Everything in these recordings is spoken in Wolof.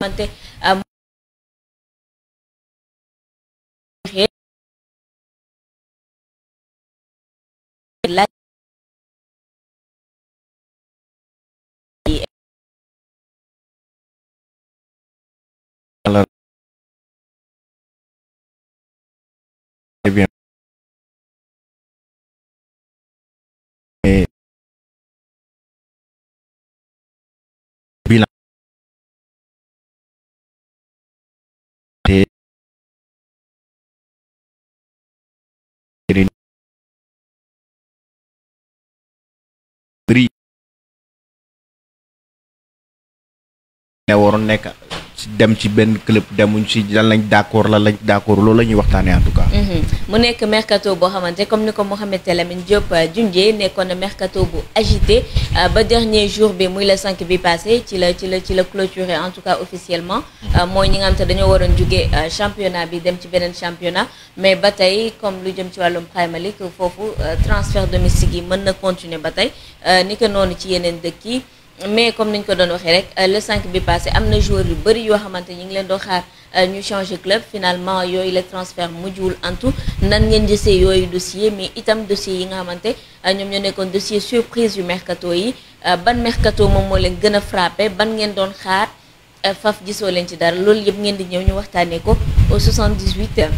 xamante laaj ah, ne waroon nekk ci dem ci ben club demuñ ci lan lañ d'accord la lañ d'accord loolu la ñuy waxtaanee en tout cas. Mhm. mu nekk mercato bo xamante comme niko mohamed Mouhamed Lamine Diop euh, junjee nekkoon mercato bu agité euh, ba dernier jour bi muy le 5 bi passé ci la ci la ci la clôturer en tout cas officiellement. Euh, moy ñi nga xam te dañoo waroon championnat bi dem ci benen championnat mais batay comme lu jëm ci walum Premier League foofu transfert domestique yi mën na continuer batay tey non ci yenen dëkk yi mais comme niñ ko doon waxee rek euh, le 5 bi passé amna joueur yu bari yo xamanteni ñu leen do xaar euh, ñu changer club finalement yooyu les transferts mujjul antu nan ngeen jissé yoy dossier mais itam dossier yi nga xamante euh, ñom ñu nekkoon dossier surprise yu mercato yi ban mercato mom mo leen gëna frapper ban ngeen doon xaar faf gisoo leen ci dara lool yëpp ngeen di ñew ñu waxtaanee ko au 78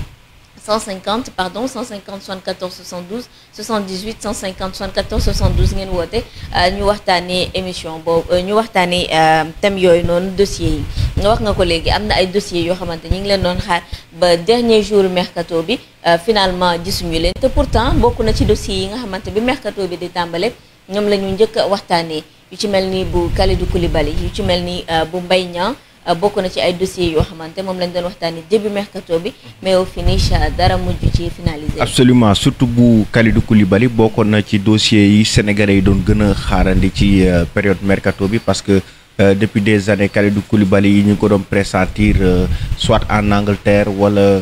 150 pardon 150 74 72 78 150 74 72 ngeen woote euh, ñu waxtaanee émission bob euh, ñu waxtaanee euh, thème yoy non dossiers yi nga wax nga ko léegi ay dossiers yo xamante ñu ngi leen doon xaar ba dernier jour mercato bi finalement gisuñu leen te pourtant bokku na ci dossiers yi nga xamante bi mercato bi di tambalé, ñom lañu ñëk njëkk yu ci melni bu Kalidou Koulibaly yu ci melni bu Mbaye Niang Euh, bokk na ci ay dossiers yoo xamante moom lañ doon waxtaanee début mercato bi mais au euh, dara mujj ci finalisé. absolument surtout bu Kalidou Koulibaly bokkoon na ci dossiers yi sénégalais yi doon gën a xaarandi ci euh, période mercato bi parce que. depuis des années Kalidou Koulibaly yi ñu ko doon pressentir euh, soit en Angleterre wala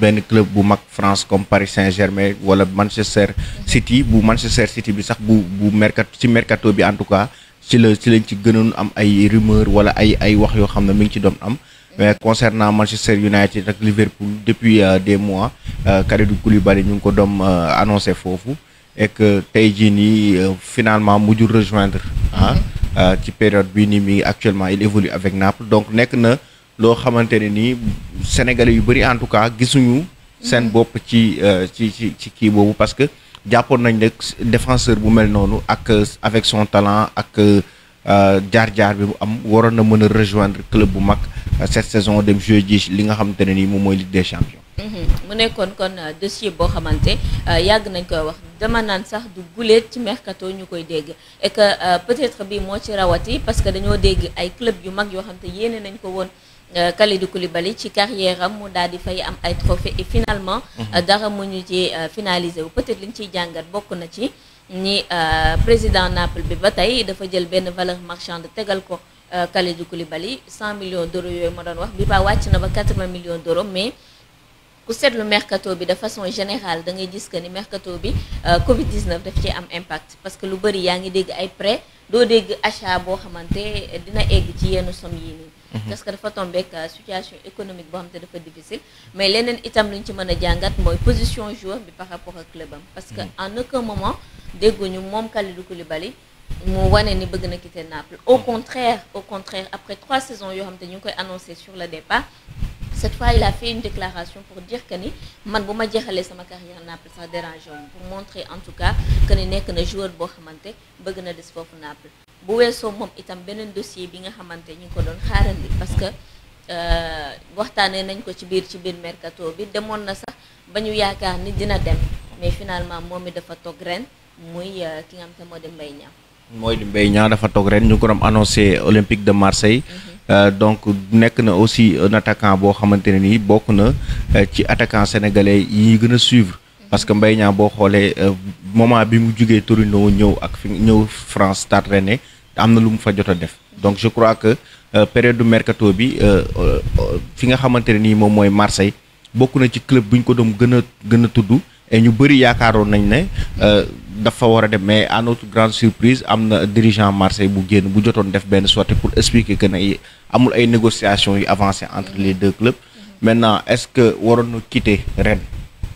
benn club bu mag France comme Paris Saint-Germain wala Manchester City bu Manchester City bi sax bu bu mercato ci mercato bi en tout cas ci la ci lañ ci gënoon am ay rumeur wala ay ay wax yoo xam ne mi ngi ci doon am mais concernant Manchester United ak Liverpool depuis euh, des mois euh, Kalidou Koulibaly ñu ngi ko doon euh, annoncé foofu et tey jii nii finalement mujjul rejoindre ah ci période bii nii mi actuellement il évolue avec Naples donc nekk na loo xamante ne nii Sénégalais yu bëri en tout cas gisuñu seen bopp ci ci ci ci kii boobu parce que jàppoon nañ défenseur bu mel noonu ak avec son talent ak euh, jaar-jaar bi mu am waroon na rejoindre club bu mag euh, cette saison dem jouer ji li nga xamante ne nii Ligue des champions. Mhm. mu nekkoon kon euh, dossier boo xamante yàgg nañ koy wax dama naan sax du guleet ci mercato ñu koy dégg et que peut-être bi moo ci rawati parce que dañoo dégg ay club yu mag yoo xam te yéene nañ ko woon. Euh, Kalidou Koulibaly ci carrière am mu daal di fay am ay trophées et finalement mhm. euh, dara mu ñu ci euh, finaliser peut-être liñ ñu ciy jàngat bokk na ci ni président Naples bi batay dafa jël ben valeur marchande tégal ko Kalidou Koulibaly 100 millions d'euros yooyu ma doon wax bi ba wacc na ba 80 millions d'euros mais ku le mercato bi de façon générale da ngay gis que ni mercato bi Covid 19 daf ci am impact parce que lu bari yaa ngi dégg ay prêt do dégg achat bo xamanté dina egg ci yenn somme yi ni Mhm. parce que dafa situation économique est dafa difficile mais il itam luñ ci mën a moy position joueur bi par rapport au club parce que mhm. en aucun moment dégguñu mom Kalidou Koulibaly mo wané ni bëgg na quitter Naples au mhm. contraire au contraire après trois saisons yo xam ñu koy annoncé sur le départ cette fois il a fait une déclaration pour dire que ni man buma ma laisser sama carrière Naples ça dérangé pour montrer en tout cas que ni nek na joueur bo xamante bëgg na des fofu Naples bu weesoo moom itam beneen dossier bi nga xamante ñu ko doon xaarandi parce que euh, waxtaanee nañ ko ci biir ci biir mercato bi demoon na sax ba ñu yaakaar ni dina dem mais finalement moom mi dafa toog ren muy euh, ki nga xam te moo di Mbaye Niang mooy di Mbaye Niang dafa toog ren ñu ko doon annoncé Olympique de Marseille mhm. euh, donc nekk na aussi un attaquant boo xamante ne nii bokk na ci attaquant sénégalais yi gën a suivre parce que Mbaye Niang boo xoolee euh, moment bi mu jugee Torino ñëw ak fi ñëw France Stade Rennais am na lu mu fa jot a def donc je crois que euh, période du mercato bi euh, fi nga xamante ne nii moom mooy Marseille bokk na ci club bu ñu ko doon gën a gën a tudd ñu bëri yaakaaroon nañ ne dafa war a dem mais à notre grande surprise am na dirigeant Marseille bu génn bu jotoon def benn sortie pour expliquer que ne amul ay négociations yu avancer entre les deux clubs maintenant est-ce que waroon na quitter Rennes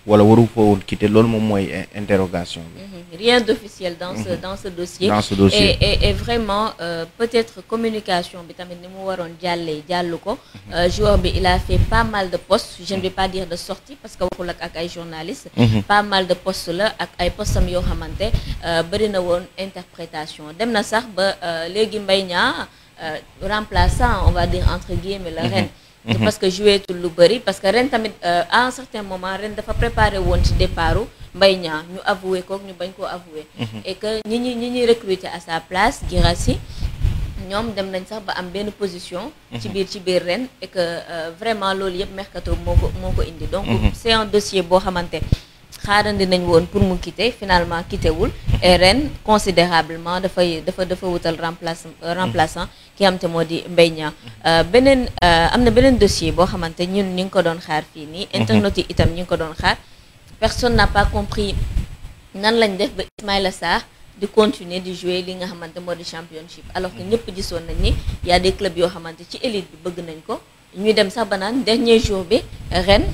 wala waru ko quitter l'homme au mooy interrogation mhm. rien d'officiel dans ce mhm. dans ce dossier. et et, et vraiment euh, peut-être communication bi tamit ni mu waroon jàllee jàllu ko. Mhm. Euh, joueur bi il a fait pas mal de postes je ne vais pas dire de sortie parce que waxul ak journaliste, ay journalistes. pas mal de postes là. ak ay postes am yoo xamante euh, bëri interprétation dem na sax ba léegi remplaçant on va dire entre guillemets la reine Mhm. parce que jouer tout lu bëri parce que ren tamit euh, à un certain moment ren dafa préparé won ci départu Mbaye ñu avouer ko ñu bañ koo avouer mhm. et que ñi ñi ñi ñuy recruter à sa place Guirassy ñom dem nañ sax ba am ben position. ci mhm. biir ci biir ren et que euh, vraiment lool yëpp mercato moko ko moo ko indi. donc c'est un dossier bo xamanté xaarandi nañ woon pour mu quitter finalement quitté wul et ren considérablement dafay dafa dafa wutal remplace euh, remplaçant ki xam te moo di Mbaye Niang euh, beneen euh, am na beneen dossier boo xamante ñun ñu ngi ko doon xaar fii nii mhm. internet yi itam ñu ngi ko doon xaar personne n'a pas compris nan lañ def ba Ismaïla Sarr di continuer di jouer li nga xamante moo di championship alors que ñëpp gisoon nañ ni y a des clubs yoo xamante ci élite bi bëgg nañ ko ñuy dem sax banaan dernier jour bi ren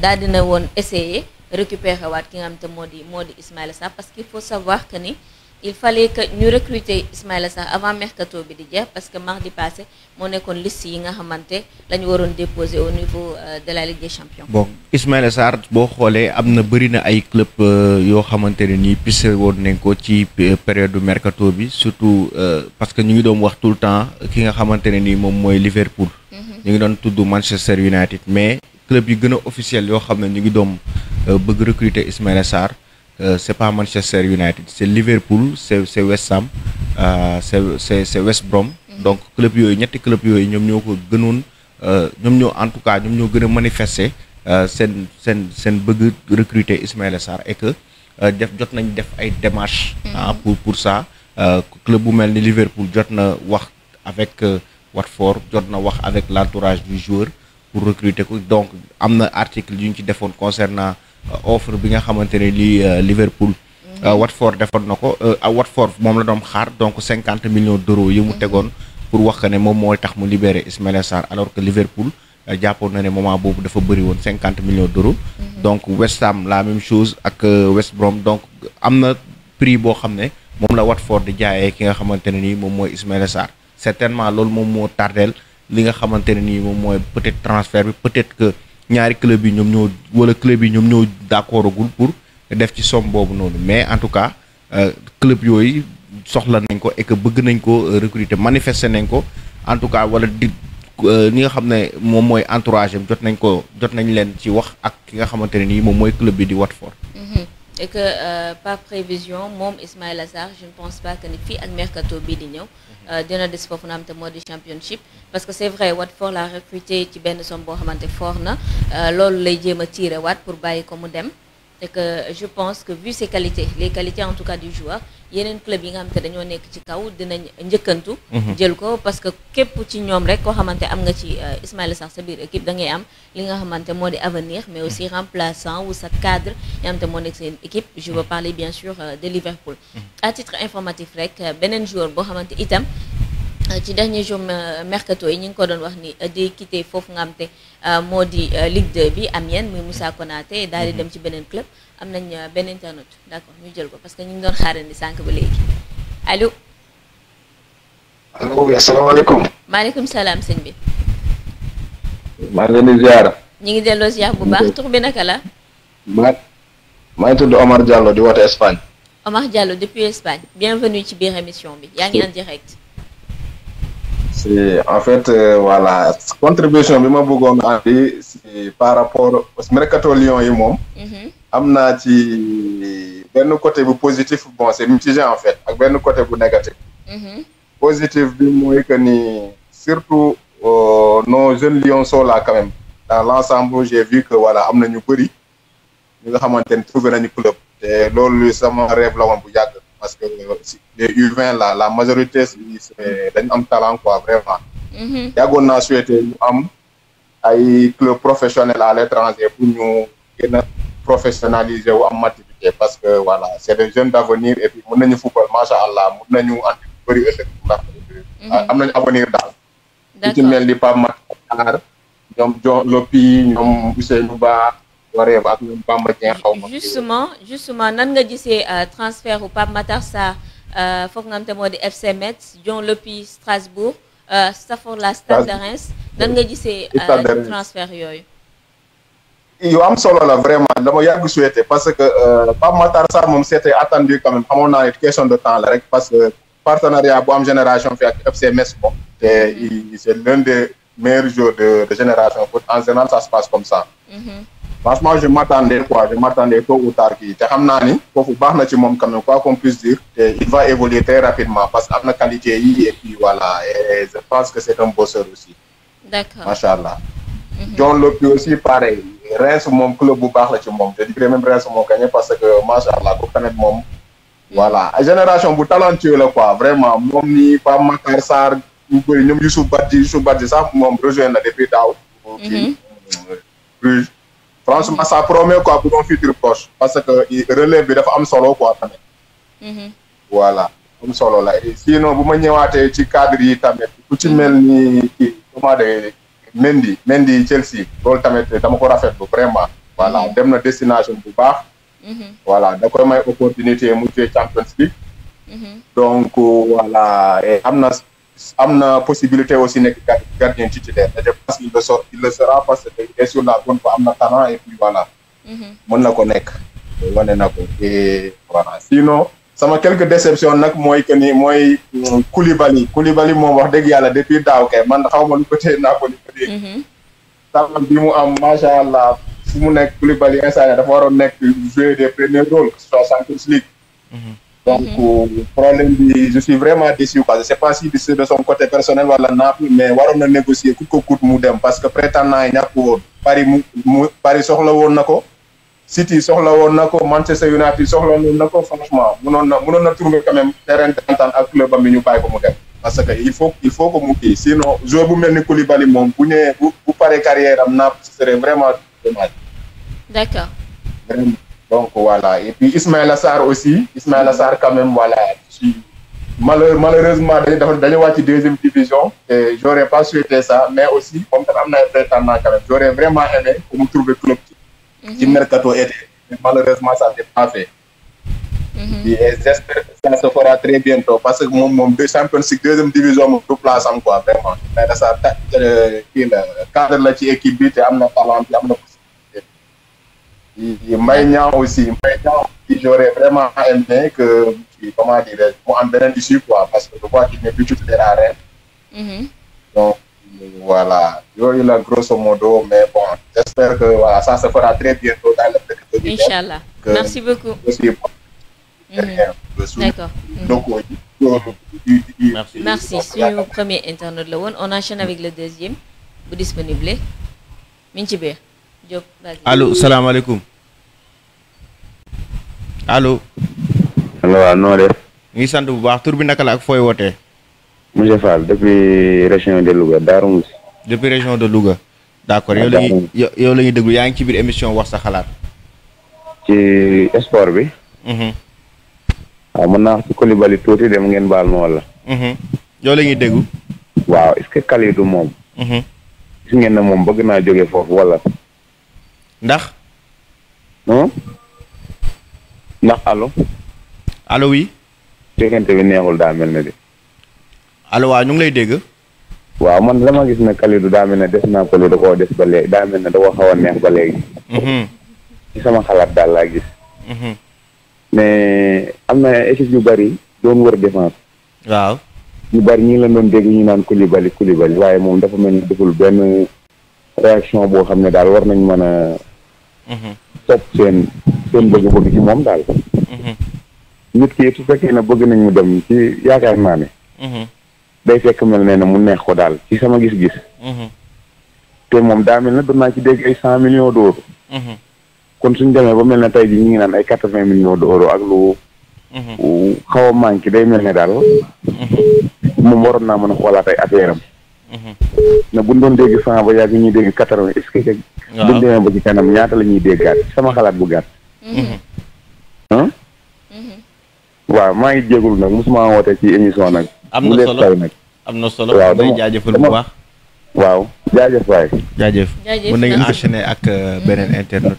daal dina woon essayer récupérer waat ki nga xam te moo di moo di Ismaïla Sarr parce qu'il faut savoir que ni il fallait que ñu recruter Ismaïla Sarr avant mercato bi di jeex parce que mardi passé moo nekkoon list yi nga xamante la ñu waroon déposer au niveau euh, de la Ligue des Champions. bon Ismaïla Sarr boo xoolee am na bëri na ay club euh, yoo xamante ni nii piste woon nañ ko ci euh, période du mercato bi surtout parce que ñu ngi doon wax tout le temps ki nga xamante ne nii moom mooy Liverpool. Mhm. ñu ngi doon club yi gën a officiel yoo xam ne ñu ngi doom euh, bëgg recruter Ismaïla Sarr euh, c' est pas Manchester United c' est Liverpool c' est c' est West Ham euh, c' est c' est West Brom. Mm-hmm. donc club yooyu ñetti club yooyu ñoom ñoo ko gënoon ñoom ñoo en tout cas ñoom ñoo gën a manifester seen seen seen bëgg recruter Ismaïla Sarr et que def jot nañ def ay démarche ah mm-hmm. pour pour ça club bu mel ni Liverpool jot na wax avec Watford jot na wax avec l' entourage du joueur. pour recruter ko donc am na article yu ñu ci defoon concernant euh, offre bi nga xamante ne li euh, Liverpool euh, mhm. Watford defoon na ko for moom la doon xaar donc cinquante millions d'euros yi mu mhm. tegoon pour wax que ne moom mooy tax mu libérer Ismaïla Sarr alors que Liverpool jàppoon na ne moment boobu dafa bëri woon cinquante millions d'euros mhm. donc West Ham la même chose ak West Brom donc am na prix boo xam ne moom la Watford di jaayee ki nga xamante ne nii moom mooy Ismaïla Sarr certainement loolu moom moo tardeel li nga xamante ne nii moom mooy peut-être transfert bi peut-être que ñaari club yi ñoom ñoo wala club yi ñoom ñoo d'accordagul pour def ci somme boobu noonu mais en tout cas euh, club yooyu soxla nañ ko et bëgg nañ ko euh, recruter manifester nañ ko en tout cas wala di ñi euh, nga xam ne moom mooy entourage am jot nañ ko jot nañ leen ci wax ak ki nga xamante ne nii moom mooy club bi di Watford. Mm-hmm. et que par prévision moom Ismaïla Sarr je ne pense pas que ni fii ak mercato bii di ñëw. Euh, dina des foofu na am te moo di championship parce que c'est vrai Watford la recruté ci benn somme boo xamante fort na euh, loolu lay jéem a tiire pour bàyyi ko mu dem que je pense que vu ses qualités les qualités en tout cas du joueur yeneen club yi nga xamante dañoo nekk ci kaw dinañ njëkkantu mhm. jël ko parce que képp ci parce rek que xamante am nga ci euh, ismaël Sarr Ismaël équipe da ngay am li nga xamante moo mais aussi mhm. remplaçant ou sa cadre et en xamante équipe je veux mhm. parler bien sûr euh, de Liverpool à titre informatif rek un euh, joueur boo xamante itam ci dernier jour euh, mercato yi ñu ngi ko doon wax ni euh, di quitté foofu nga te euh, moo di Ligue 2 bi am yeen muy Moussa Konaté daal di mhm. dem ci beneen club am nañ benn internet d'accord ñu jël ko parce que ñu ngi doon xaarandi sànq ba léegi allo. allo oui asalaamaaleykum. maaleykum sëñ bi. maa leen di ziar. ñu ngi delloo ziar bu baax tur bi naka la. maa maa ngi tudd Omar Diallo di woote Espagne. Omar Diallo depuis Espagne bienvenue ci biir émission bi yaa ngi en direct. en fait euh, voilà contribution bi ma bëggoon andi c'est par rapport au mercato Lyon et moi. Amna naa ci côté positif bon c'est mitigé en fait avec côté bu négatif. Mhm. positif c'est que surtout euh, nos jeunes sont là quand même dans l'ensemble j'ai vu que voilà avons na ñu bëri des nga xamante ne trouvé nañu club te c'est mon rêve la parce que euh, les U20 là la majorité c'est dañ talent quoi vraiment. Mhm. yàggoon naa souhaité ñu am ay club professionnel à l'étranger pour ñu professionnaliser wu am maturité parce que voilà c'est des jeunes d'avenir et puis mën nañu football macha allah mën nañu andi bëri ëllëg mhm. euh, am nañu avenir daal. d'accord ci mel ni Pape Matar ñoom John Lopi ñoom Ousseynou Ba justement justement nan nga dit euh, transfert bu Pape Matar pas euh, foog nga des FC Metz Dion Lopi Strasbourg euh, Stafford la Stade de Reims nan nga gisee. transfert il y am solo la vraiment dama vous souhaité parce que Pape Matar Sarr c'était attendu quand même xamoon une question de temps la rek parce que partenariat bo am génération fi FC Metz Bon, mhm. c'est l'un des meilleurs joueurs de génération en en général ça se passe comme ça. Mhm franchement je m'attendais quoi je m'attendais tôt ou tard kii te xam ni foofu baax na ci monde quand quoi qu'on puisse dire il va évoluer très rapidement parce que a une qualité et puis voilà et je pense que c'est un bosseur aussi d'accord macha mhm. John Lopi aussi pareil sur mon club bu baax la ci je dirais même reste mon gagné parce que masha'Allah, vous connaissez mon... Voilà. Mhm. voilà génération bu talentueux là quoi vraiment moom nii pas Matar Sarr ñu ni ñoom Youssouf Badji Youssouf Badji ça, moom rejoint depuis daaw mhm. franchement mhm. ça promet quoi pour proche parce que relève bi dafa am solo quoi tamit. Mhm. voilà am solo la sinon bu ma ñëwaatee ci cadre yi tamit ku ci mhm. mel ni kii comment de Mendy Chelsea loolu tamit dama ko rafetlu vraiment. voilà dem na destination bu baax. voilà da may opportunité mu jouer Champions League. donc voilà am na. am na possibilité aussi nekk gardien ci et je pense qu'il le sera il le sera parce que il est sur la bonne voie am na talent et puis voilà. Mhm. mën na ko nekk. wane na ko et voilà sinon sama quelques déception nag mooy que ni mooy mm, Koulibaly Koulibaly moom wax dëgg yàlla depuis daaw kay man xaw ma lu ko téye naa ko li mhm. bi mu am macha allah fu mu nekk Koulibaly instant dafa waroon nekk jouer des premiers rôles sur la Champions donc mhm. euh, problème je suis vraiment déçu quoi je sais pas si c'est de son côté personnel wala Naples mais waroon na négocier a ko beaucoup de dem parce que prétendant yi la Paris mu Paris soxla City Manchester United soxla woon haut franchement on a trouvé quand même terrain d'entente le club qui yi ñu parce qu'il faut il faut que mu sinon je bu vous mettre Koulibaly moom bu vous bu carrière à Naples ce serait vraiment dommage d'accord donc voilà. Et puis Ismaël Assar aussi. Ismaël Assar quand même, voilà. malheureusement, d'aller voir la deuxième division, et j'aurais pas souhaité ça, mais aussi, comme j'aurais vraiment aimé pour me trouver club qui mhm. mercato était. Mais malheureusement, ça n'est pas fait. Mhm. Et j'espère que ça se fera très bientôt parce que mon, mon deuxième division, mon tout place en quoi, vraiment. Mais ça, le cadre de l'équipe, il y a un talent, il il m'aignant aussi. Maïnian, j'aurais vraiment aimé que, comment dirais-je, en bénin du quoi, parce que je vois qu'il n'est plus tout de la Donc, voilà. Il a grosso modo, mais bon, j'espère que ça se fera très bientôt dans le secteur Inch'Allah. Merci beaucoup. D'accord. Donc, Merci. Merci. Sur le premier internaute, on enchaîne avec le deuxième. Vous disponible. Minchibé. Diop allo salaamaaleykum allo. allo waaw ngi sant bu baax tur bi naka la ak fooy wootee. monsieur Fall depuis région de Louga Darou Moussi. depuis région de Louga. d' yow ah, la ñuy yaa ngi ci biir émission wax sa xalaat. ci sport bi. waaw mhm. ah, mën naa wax ci Koulibaly tuuti dem ngeen baal ma wala. Mhm. yow la ñuy waaw est ce que moom. Mhm. gis ngeen ne moom bëgg naa jóge foofu wala. ndax. ndax allo. allo oui. déggante bi neexul daa mel na de. allo waaw ñu ngi lay dégg. waaw man la gis ne Kalidou daa mel ne des naa ko lu da koo des ba léegi daa mel na da koo xaw a neex ba léegi. Mhm. ci sama xalaat daal laa gis. Mhm. mais am na équipe yu bari doon wër défense. waaw. ñu bari ñu ngi leen doon dégg ñu naan Koulibaly Koulibaly waaye moom dafa mel ni deful benn réaction boo xam ne daal war nañ mën a mhm. topp seen seen bëgg-bëgg ci moom daal mhm. nit ki su fekkee ne bëgg nañ mu dem ci yaakaar naa ne mhm. day fekk mel ne na mu neex ko daal ci sama gis-gis te moom daa mel ne doon naa ci dégg ay cent millions d'euros kon suñ demee ba mel ne tey ji ñu ngi naan ay quatre vingt millions d'euros ak lu xaw a manqué day mel ne daal moom waroon naa mën a xoolaat ay affaire na bu ñu doon dégg cent ba yàgg ñuy dégg quatre vingt est ce que. waaw bu ñu demee ba ci kanam ñaata la ñuy déggaat sama xalaat bu gàtt. Mm-hmm. Mm-hmm. waaw maa ngi jégalu nag mosuma woote ci émission nag. am na solo nag am na solo. waaw dama jaajëfal bu waaw jaajëf waay. jaajëf nañu enchaîner ak euh, beneen mm-hmm. internet.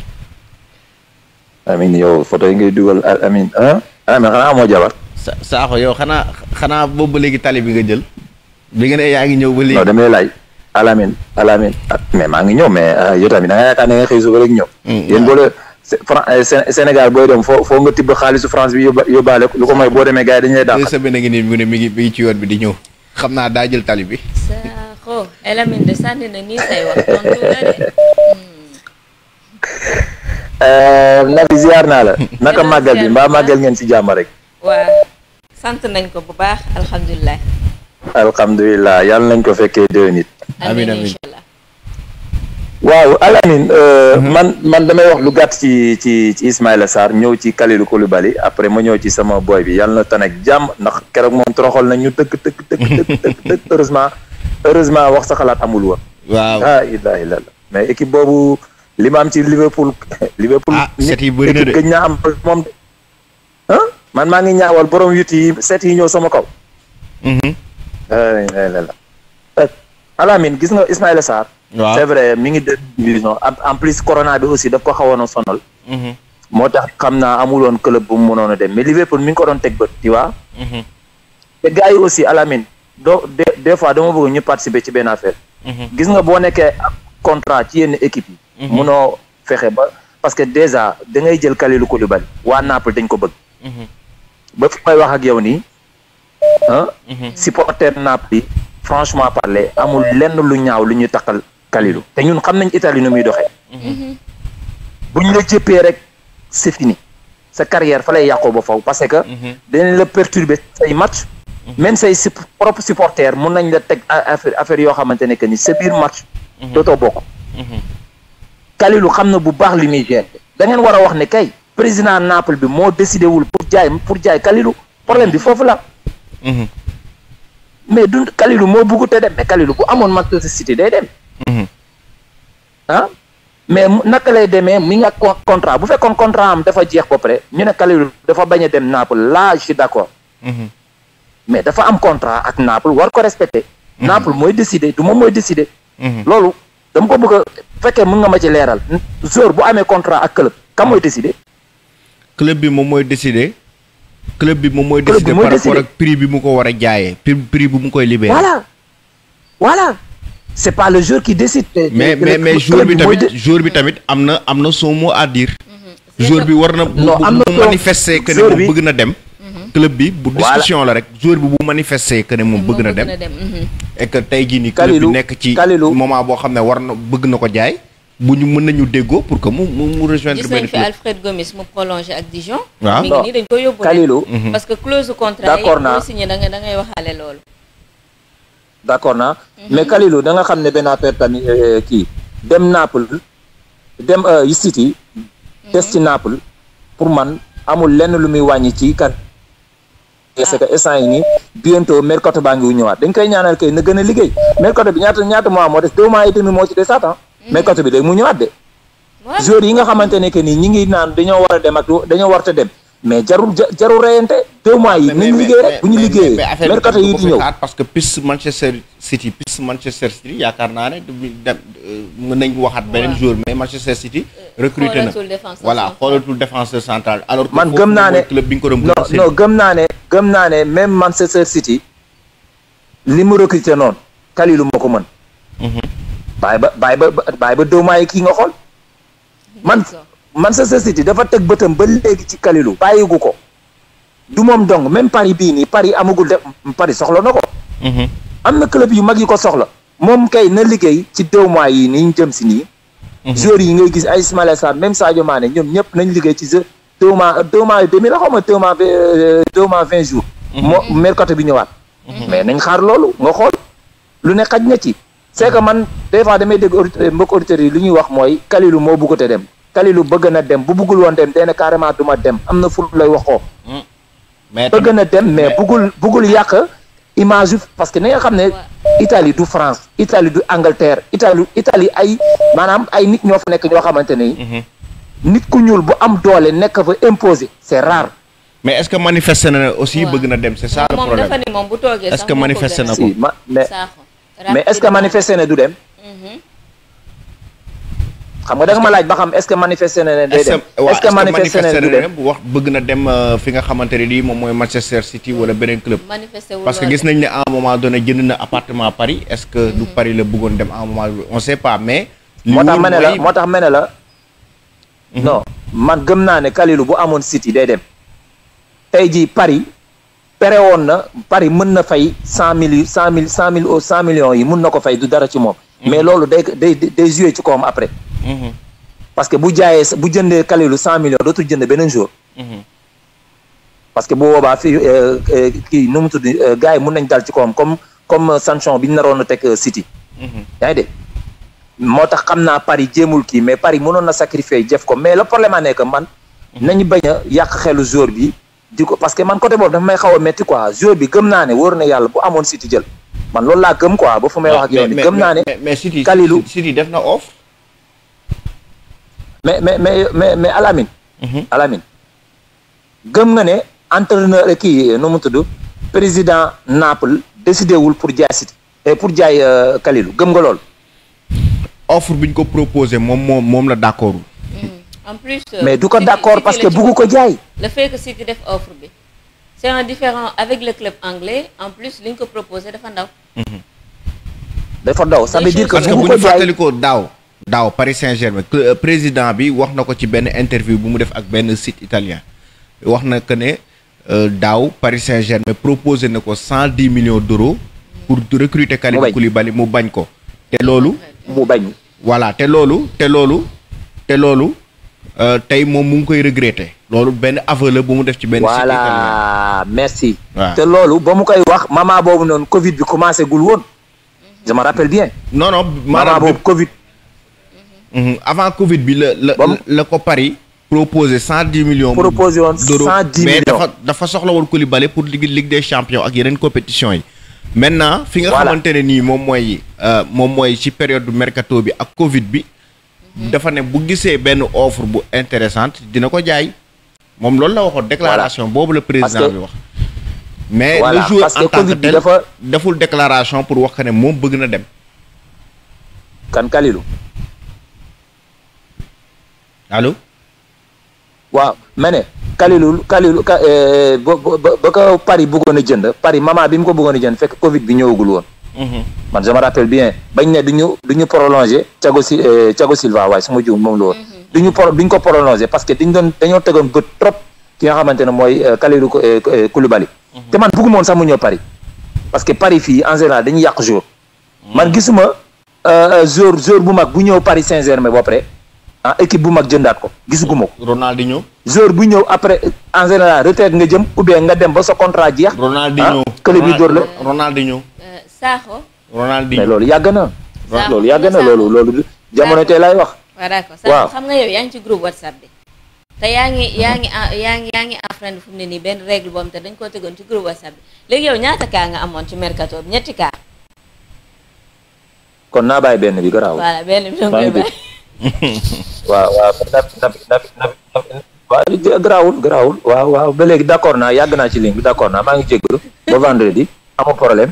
amin yow photo yi ngay dugal amin ah xanaa amoo jabar saaxo yow xanaa xanaa boobu ba léegi tali bi nga jël bi nga ne yaa ngi ñëw ba léegi non damay laaj alamin alamin mais maa ngi ñëw mais ah, yow tamit da nga yaakaar ne nga xëy suba rek ñëw mm, yéen boole eh, Sénégal booy dem foo foo nga tibb xaalisu France bi yóbbaale ko lu ko mooy boo demee gars yi dañu lay dàq semaine ngi nii mu ne mi ngi ci yoon bi di ñëw xam naa daa jël tali bi saaxo alamin de sànni na nii say di eh, ziar na la. naka magal bi mbaa magal ngeen ci jamm rek. wa sant nañ ko bu baax alhamdullilah alhamdullilah yalla nañ ko fekke déwén nit amin amin waaw alamin euh, mhm. man man damay wax lu gatt ci ci Ismaïla sar ñew ci Kalidou Koulibaly après ma ñew ci sama boy bi yalla na tane ak jàmm ndax keroog mom toroxol na ñu deug deug deug deug dëkk heureusement heureusement wax sa xalaat amul wa waaw ah ilaahi la mais équipe bobu li ma am ci Liverpool. Liverpool ah, set yi bëri na de gëj am moom. man maa ngi ñaawal borom yut yi set yi ñëw sama kaw. Mhm. Eh, Alamine gis nga Ismaïla Sarr. waaw c'est vrai mi ngi déglu division en plus corona bi aussi daf ko xawoon a sonal. Mhm. moo tax xam naa amul woon club bu mu mënoon a dem mais Liverpool mi ngi ko doon teg bët tu vois. Mhm. te gars yi aussi Alamine doo des fois dama bëgg ñu participer ci benn affaire. gis nga boo nekkee contrat ci yenn équipe yi. Mhm. munoo fexe ba parce que déjà da ngay jël Kalidou Koulibaly waa Naples dañ ko bëgg. Mhm. ba fi may wax ak yow nii ah. Mhm. supporter Naples yi franchement parler amul lenn lu ñaaw lu ñuy takkal Kalidou te ñun xam nañ Italie nu muy doxee. buñ la jëppee rek c'est fini sa carrière fa lay yàqoo ba faw parce que. dinañ la perturber say match. même say su supporter mun nañ la teg affaire yoo xamante ne que ni sa biir match. dootoo bokk. Kalilu xamna bu baax li muy gérer da ngeen wara wax ne kay président Naples bi mo décidé wul pour jaay pour jaay Kalilu problème bi fofu la. Mhm. mais dund Kalilu mo bëggut té dem mais Kalilu bu amoon Manchester City day dem. hein mhm. ah? mais nak lay démé mi nga contrat bu fekkoon contrat am dafa jeex ba paré ñu ne Kalilu dafa baña dem Naples là je suis d'accord hmm mais dafa am contrat ak Naples war ko respecter. Mhm. Naples moy décider du moy mooy hmm lolu dama ko bëgg a fekkee mën nga ma ci leeral joueur bu amee contrat ak club kan mooy ah. décider. club bi moom mooy décider. club bi moom mooy décider par rapport ak prix bi mu ko war a jaayee prix bu mu koy libéré. voilà voilà c' est pas le joueur qui décide. mais mais mais joueur bi tamit joueur bi tamit am na am na son mot à dire. Mm-hmm. joueur bi war na. non am na manifester que ne bëgg na dem. club bi bu discussion la rek joueur bi bu manifester que moom bëgg na dem mhm. et que tey jii ni club bi nekk ci moment boo xam ne war na bëgg na ko jaay bu ñu mën nañu déggoo pour que mu mu mu rejoindre. benn fi Alfred Gomis mu prolongé ak Dijon. waaw ah. mi ngi nii dañ ko yóbbu Kalilou mhm. parce que clause contrat yi boo da ngay d' accord naa mhm. mais Kalilou da xam ne benn affaire euh, euh, kii dem Naples dem euh, City. des ci Naples pour man amul lenn lu muy wàññi ci kan. c'est que instant yi nii bientôt mercato baa ngi wu ñëwaat dañ koy ñaanal na gën a liggéey mercato bi ñaata ñaata mois moo des deux mois ah. mm. bi léegi mu ñëwaat de joueurs yi nga xamante ne que nii ñi ngi naan dañoo war a dem ak dañoo warta dem mais jarul jarul reyante deux mois yi nañu liggéey rek bu ñu liggéeyee mercato yi di ñëw parce que piste Manchester City piste Manchester City yaakaar naa ne euh, mën nañ waxaat beneen jour mais Manchester City euh, recruté na voilà xoolatul défenseur central man gëm naa ne club bi nga ko doon gëm naa ne gëm naa ne même Manchester City li mu recruté noonu Kalilou moo ko mën mhm. bàyyi ba bàyyi ba bàyyi ba deux mois kii nga xool man man Manchester City dafa teg bëtam ba léegi ci bàyyee bàyyigu ko du moom dong même Paris bii nii Paris amagul de Paris soxla na ko. Mhm. am na club yu mag yi ko soxla. moom kay na liggéey ci deux mois yi ni ñu jëm si nii. Mhm. joueurs yi ngay gis ay Ismaïla Sarr même Sadio Mané ñoom ñëpp nañ liggéey ci deux deux mois deux mois demi la xaw ma deux mois euh, deux mois vingt jours. Mhm. moo mercato bi ñëwaat. mais nañ xaar loolu nga xool lu ne xaj na ci. c'est man des fois damay dégg auditeurs mbokk auditeurs yi lu ñuy wax mooy Kalilou moo bëgg te dem. Kalilou bëgg na dem bu bëggul woon dem dee na carrément du ma dem am na fu lay waxoo. Hmm. mais bëgg na dem mais bëggul bëggul yàq images parce que ni nga xam ne. itali du France itali du Angleterre Italie Italie ay maanaam ay nit ñoo fa nekk ñoo xamante ni. Mhm. nit ku ñuul bu am doole nekk fa imposé c'est rare. mais est-ce que manifester na aussi bëgg na dem c'est ça le problème moom dafa ni moom est que manifester na ko mais est-ce que manifester na du dem. Mhm. xam nga da ma laaj ba xam est-ce que manifester na ne day dem est manifester na ne du wax bëgg na dem euh, fi nga xamante ne nii moom mooy Manchester City wala beneen club parce que gis nañ ne à un moment donné jënd na appartement Paris est que du mm. Paris la bëggoon dem à un moment on sait pas mais moo tax ma ne la moo tax ma ne la mhm. non man gëm naa ne Kalilou bu amoon City day dem tey jii Paris pere woon na Paris mën na fay cent mille cent mille cent mille au cent millions yi mën na ko fay du dara ci moom mhm. mais loolu day day day joué ci kawam après Mm-hmm. parce que bu jaayee bu jëndee Kalilou cent millions dootul jënd beneen jour. Mm-hmm. parce que boo boobaa fii euh, euh, kii nu mu tudd euh, gars yi mun nañ dal ci koom comme comme sanction bi ñu naroon a teg City. Mm-hmm. yaa ngi moo tax xam naa Paris jéemul kii mais Paris mënoon na sacrifier jëf ko mais la problème a nekk man. nañu bañ a yàq xelu joueur bi di ko parce que man côté boobu dafa may xaw metti métti quoi bi gëm naa ne wóor na yàlla bu amoon City jël man loolu laa gëm quoi ba fu may wax ak yow. naa ne Kalilou mais mais def na mais mais mais mais mais Alamine. Mhm. Alamine gëm nga ne entraîneur kii nu mu tudd président Naples décidé wul pour jaay City et eh, pour jaay euh, Kalilou gëm nga lool. offre biñ ko proposer mom mom la d'accord hmm. en plus euh, mais du ko d'accord parce que beaucoup ko jaay. le fait que City def offre bi c'est un différent avec le club anglais en plus li ko proposer dafa ndaw. Mhm. dafa ndaw ça veut dire que vous ko jaay parce que bu ñu fàttalikoo daaw daw Paris Saint-Germain euh, président bi wax na ci ben interview bu mu def ak ben site italien wax na que ne euh, daw Paris Saint-Germain proposé nako 110 millions d'euros pour recruter Kalidou Koulibaly mu bagn ko té lolu mu bagn voilà te loolu te loolu te loolu euh, tey moom mu ngi koy regretter lolu ben aveu la bu mu def ci ben site italien voilà merci té lolu ba mu koy wax mama bobu non covid bi commencé gul won je me rappelle bien non non mama bobu covid Mhm. avant Covid bi le la la ko Paris proposé cent millions. d'euros. woon cent dix millions mais dafa dafa soxla woon pour ligue ligue des champions ak yeneen compétition yi. maintenant fi nga xamante ne nii moom mooy euh, moom mooy ci période du mercato bi ak Covid bi. dafa ne bu gisee benn offre bu intéressante dina ko jaay. moom loolu la waxoon déclaration boobu le président bi wax. mais le joueur en tant que tel deful déclaration pour wax que ne moom bëgg na dem. kan Kalilou. allo. waaw ma ne Kalilou Kalilou ka eh, ba ba ko Paris bëggoon a jënd Paris maman bi mu ko bëggoon a jënd fekk Covid bi ñëwagul woon. Mhm. man je me rappelle bien bañ ne du ñu du ñu prolongé si eh, Thiago Silva waaye su ma juum moom la woon. Mhm. du ñu ko prolongé parce que dañ doon dañoo tegoon bët trop ki nga xamante ne mooy eh, Kalilou Koulibaly. Mhm. te man bëgguma woon sax mu ñëw Paris. parce que Paris fii en général dañuy yàq jour. man gisuma euh, euh, jour jour bu mag bu ñëw Paris Saint-Germain ba pare. ah équipe bu mag jëndaat ko gisuguma ko. Ronaldinho. joueur bu ñëw après en général retraite nga jëm ou nga dem ba sa contrat jeex. Ronaldinho ah kële bi dóor la Ronaldinho. Euh, Sakho. Ronaldinho mais loolu yàgg na. loolu yàgg na loolu loolu jamono tey lay wax. waaw d'accord Sakho xam nga yow yaa ngi ci groupe WhatsApp bi. te yaa ngi yaa ngi ah, yaa ngi yaa ngi enfreint fu mu ne nii benn règle boobu te dañ koo tegoon ci groupe WhatsApp bi léegi yow ñaata kaa nga amoon ci mercato bi ñetti kaa. kon naa bàyyi benn bi garaawul. bi waa waaw nabi nabi nabi waaw garaawul garaawul waaw waaw ba léegi d'accord naa yàgg naa ci ligne bi d'accord naa maa ngi jégalu ba vendredi amul problème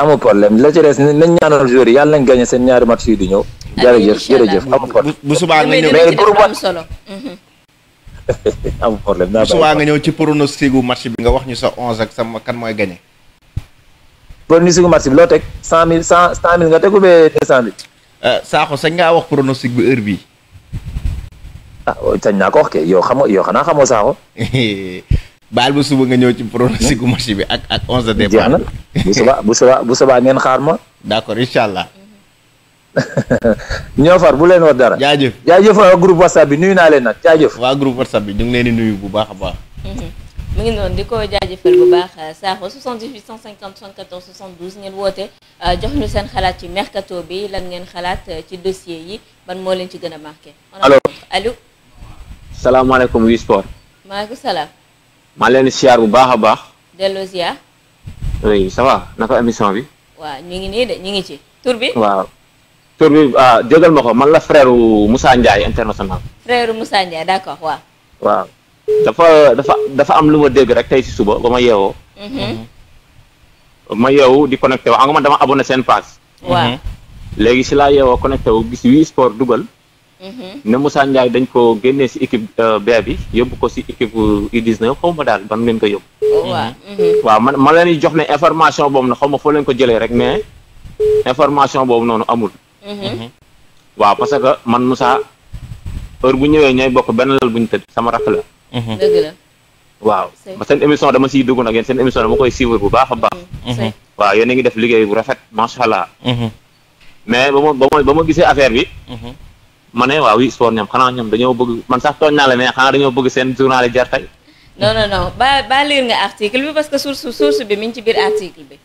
amul problème la ci des nañ ñaanal joueurs yi yàlla nañ gagné seen ñaari match yi di ñëw jërëjëf jërëjëf amul problème bu subaa nga amul mhm. problème bu subaa nga ñëw ci pronostic gu match bi nga wax ñu sa onze ak sama kan mooy gagné pronostic gu match bi loo teg cent mille cent cent nga tegu bee Eh, Sakho sañ ngaa wax pronostic bi heure bii. ah sañ naa ko wax kay yow xamoo yow xanaa xamoo Sakho. baal ba suba nga ñëw ci pronostic bu match bi ak ak onze de départ. na bu subaa bu subaa ngeen xaar ma. d'accord incha allah. ñoo far bu leen war dara. jaajëf jaajëf waa groupe WhatsApp bi nuyu naa leen nag jaajëf. waa groupe WhatsApp bi ñu ngi leen di nuyu bu baax a baax. Mhm. mu ngi di ko jaajëfal bu baax Sakho 78 150 74 72 ngeen woote euh, jox ñu seen xalaat ci mercato bi lan ngeen xalaat euh, ci dossier yi ban molen leen ci Halo. a marqué. allo allo. salaamaaleykum Wi Sport. maaleykum salaam. maa leen siyaar bu baax baax. oui ça va naka émission bi. waaw ñu ngi nii de ñu ngi ci tur bi. waaw tur bi ah jégal ma ko man la frère Moussa Ndiaye international. frère Moussa Ndiaye d'accord dafa dafa dafa am lu ma dégg rek tey si suba ba ma yeewoo. Mhm. ma yeewu di connecté wu xam nga man dama abonné seen page. waa mhm. léegi si laa yeewoo connecté wu gis wii sport dugal. Mhm. ne Moussa Ndiaye dañ ko génnee si équipe euh, B bi yóbbu ko si équipe U19 xaw ma daal ban ngeen ko yóbbu. waaw waaw man ma leen jox ne information boobu na xaw ma foo leen ko jëlee rek mais information boobu noonu amul. waaw parce que man Moussa heure bu ñëwee ñooy bokk benn lal bu ñu tëdd sama rakk Mm-hmm. dëgg la waaw seen émission dama siy dugg nag yéen seen émission dama koy suivre bu baax a baax. Mm-hmm. Mm-hmm. waaw yéen a ngi def liggéey bu rafet macha allah. mais ba ma ba ma ba ma gisee affaire bi. ma waaw oui sport ñoom xanaa ñoom dañoo bëgg man sax tooñ naa la mais xanaa dañoo bëgg seen journal jar tey. non non non ba ba lire nga article bi parce que source bi mi ci biir article bi.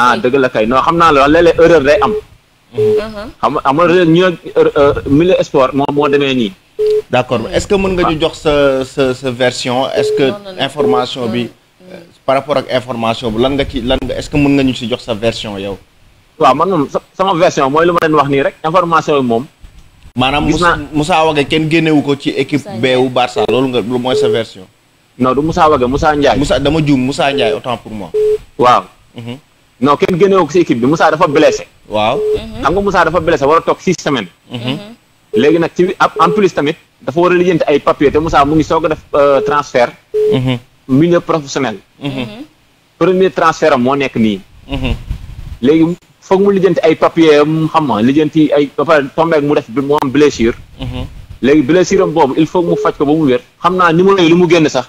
ah dëgg la kay non xam naa loolu léeg-léeg erreur am. Euh, euh, milieu sport moom moo demee nii. d'accord oui. est-ce que mon gars ñu jox sa version est-ce que euh, information bi par rapport à information bu lan nga ci lan est-ce que mon gars ñu si jox sa version yow waaw man moom sama version mooy lu ma leen wax nii rek information bi moom maanaam Moussa Wagué kenn génnewu ko ci équipe B wu Barça loolu nga lu mooy sa version non du Moussa Wagué Moussa Ndiaye Moussa dama juum Musa Ndiaye autant pour moi waaw mhm. non ken génnewu ko si équipe bi Musa dafa blessé waaw xam nga Musa dafa blessé war a toog six semaines mhm. Mhm. léegi nag ci ab en plus tamit dafa war a lijjanti ay papier te Moussa mu ngi soog a def euh, transfert. Mm-hmm. milieu professionnel. Mm-hmm. premier transfert am moo nekk nii. Mm-hmm. léegi foog mu lijjanti ay papier mu xam ma lijjanti ay ba pare tombeek mu def mu am blessure. léegi blessure am boobu il faut mu faj ko ba mu wér xam naa numéro yi lu mu génn sax.